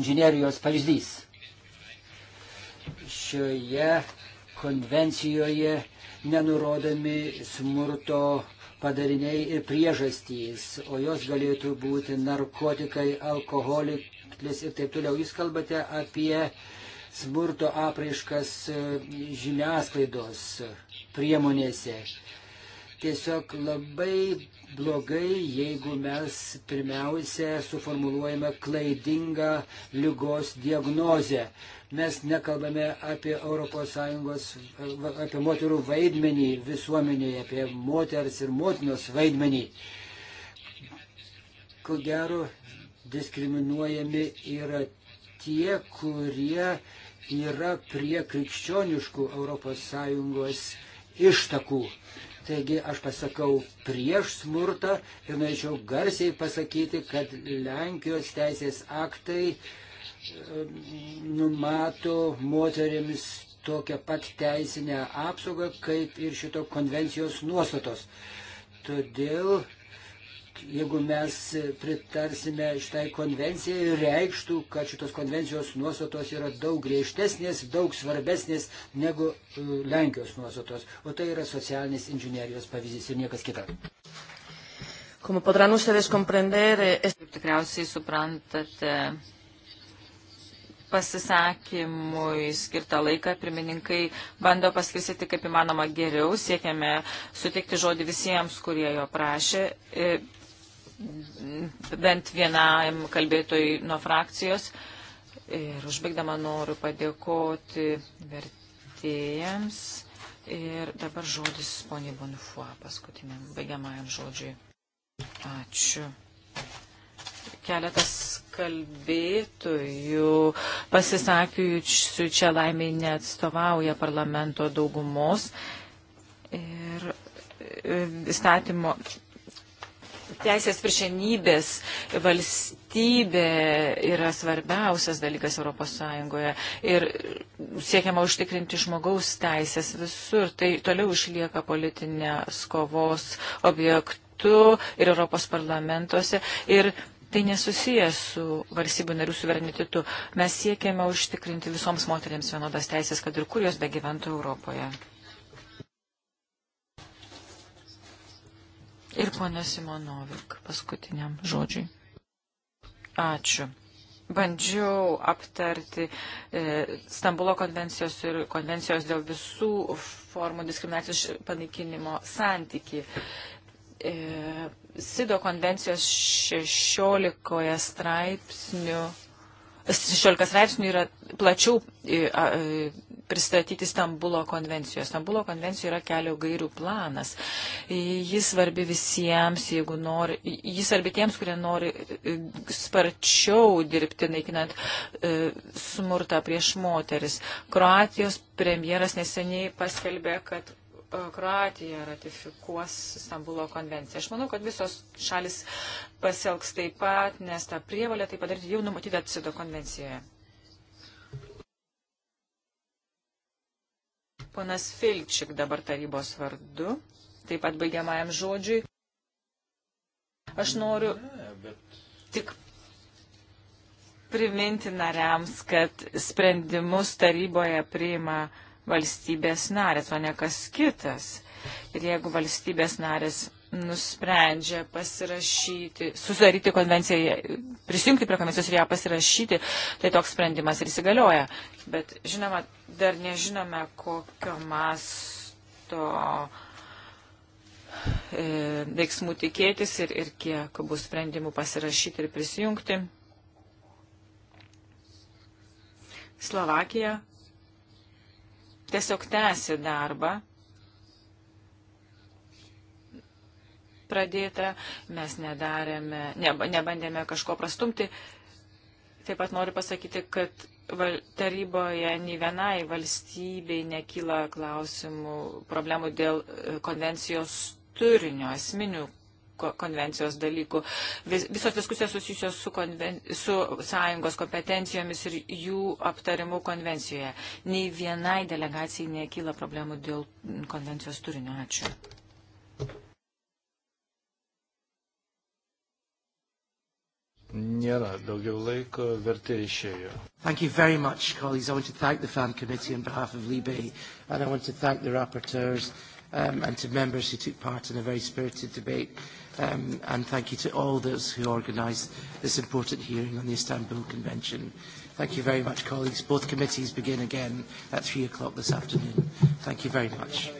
inžinerijos pavyzdys. Šioje konvencijoje nenurodami smurto padariniai ir priežastys, o jos galėtų būti narkotikai, alkoholiklis ir taip toliau. Jūs kalbate apie smurto apraiškas e, žiniasklaidos priemonėse. Tiesiog labai blogai, jeigu mes pirmiausia suformuluojame klaidingą lygos diagnozę. Mes nekalbame apie ES, apie moterų vaidmenį visuomenėje, apie moters ir motinos vaidmenį. Ko gero, diskriminuojami yra tie, kurie yra prie krikščioniškų ES ištakų. Taigi aš pasakau prieš smurtą ir norėčiau garsiai pasakyti, kad Lenkijos teisės aktai numato moteriams tokią pat teisinę apsaugą, kaip ir šito konvencijos nuostatos. Todėl jeigu mes pritarsime šitai konvencijai, reikštų, kad šitos konvencijos nuostatos yra daug griežtesnės, daug svarbesnės negu e, Lenkijos nuostatos. O tai yra socialinės inžinierijos pavyzdys ir niekas kita. Como podrán ustedes comprender, eh, es... tikriausiai suprantate, pasisakymui skirtą laiką pirmininkai bando paskirstyti kaip įmanoma geriau, siekiame sutikti žodį visiems, kurie jo prašė. E, bent vienam kalbėtojui nuo frakcijos. Ir užbaigdama noriu padėkoti vertėjams. Ir dabar žodis poniai Bonifua paskutiniam baigiamajam žodžiui. Ačiū. Keletas kalbėtojų pasisakiusių čia laimiai neatstovauja parlamento daugumos ir e, įstatymo teisės viršenybės valstybė yra svarbiausias dalykas ES ir siekiama užtikrinti žmogaus teisės visur. Tai toliau išlieka politinės kovos objektu ir Europos parlamentuose. Ir Tai nesusijęs su valstybių narių suverenitetu. Mes siekiame užtikrinti visoms moteriams vienodas teisės, kad ir kur jos begyventų Europoje. ir ponia Simonovik paskutiniam žodžiui. Ačiū. Bandžiau aptarti e, Stambulo konvencijos ir konvencijos dėl visų formų diskriminacijos panaikinimo santyki. E, SIDO konvencijos 16 straipsnių 16 straipsnių yra plačiau e, e, pristatyti Stambulo konvencijos. Stambulo konvencija yra kelio gairių planas. Jis svarbi visiems, jeigu nori, jis svarbi tiems, kurie nori e, sparčiau dirbti, naikinant smurtą prieš moteris. Kroatijos premjeras neseniai paskelbė, kad Kroatija ratifikuos Stambulo konvenciją. Aš manau, kad visos šalis pasielgs taip pat, nes tą prievalę tai padaryti jau numatyta CIDO konvencijoje. Ponas Filčik dabar tarybos vardu, taip pat baigiamajam žodžiui. Aš noriu tik priminti nariams, kad sprendimus taryboje priima valstybės narės, o ne kas kitas. Ir jeigu valstybės narės nusprendžia pasirašyti, susidaryti konvenciją, prisijungti prie konvencijos ir ją pasirašyti, tai toks sprendimas ir įsigalioja. Bet žinoma, dar nežinome, kokio masto e, veiksmų tikėtis ir, ir kiek bus sprendimų pasirašyti ir prisijungti. Slovakija tiesiog tęsi darbą pradėtą, mes nedarėme, ne, nebandėme kažko prastumti. Taip pat noriu pasakyti, kad val, taryboje nei vienai valstybei nekyla klausimų, problemų dėl e, konvencijos turinio, esminių konvencijos dalykų. Vis, visos diskusijos susijusios su, konven, su sąjungos kompetencijomis ir jų aptarimu konvencijoje. Nei vienai delegacijai nekyla problemų dėl konvencijos turinio. Ačiū. Nėra daugiau laiko, vertė išėjo. Thank you very much, colleagues. I want to thank the FAM committee on behalf of Libe, and I want to thank the rapporteurs um, and to members who took part in a very spirited debate um, and thank you to all those who organised this important hearing on the Istanbul Convention. Thank you very much, colleagues. Both committees begin again at 3 o'clock this afternoon. Thank you very much.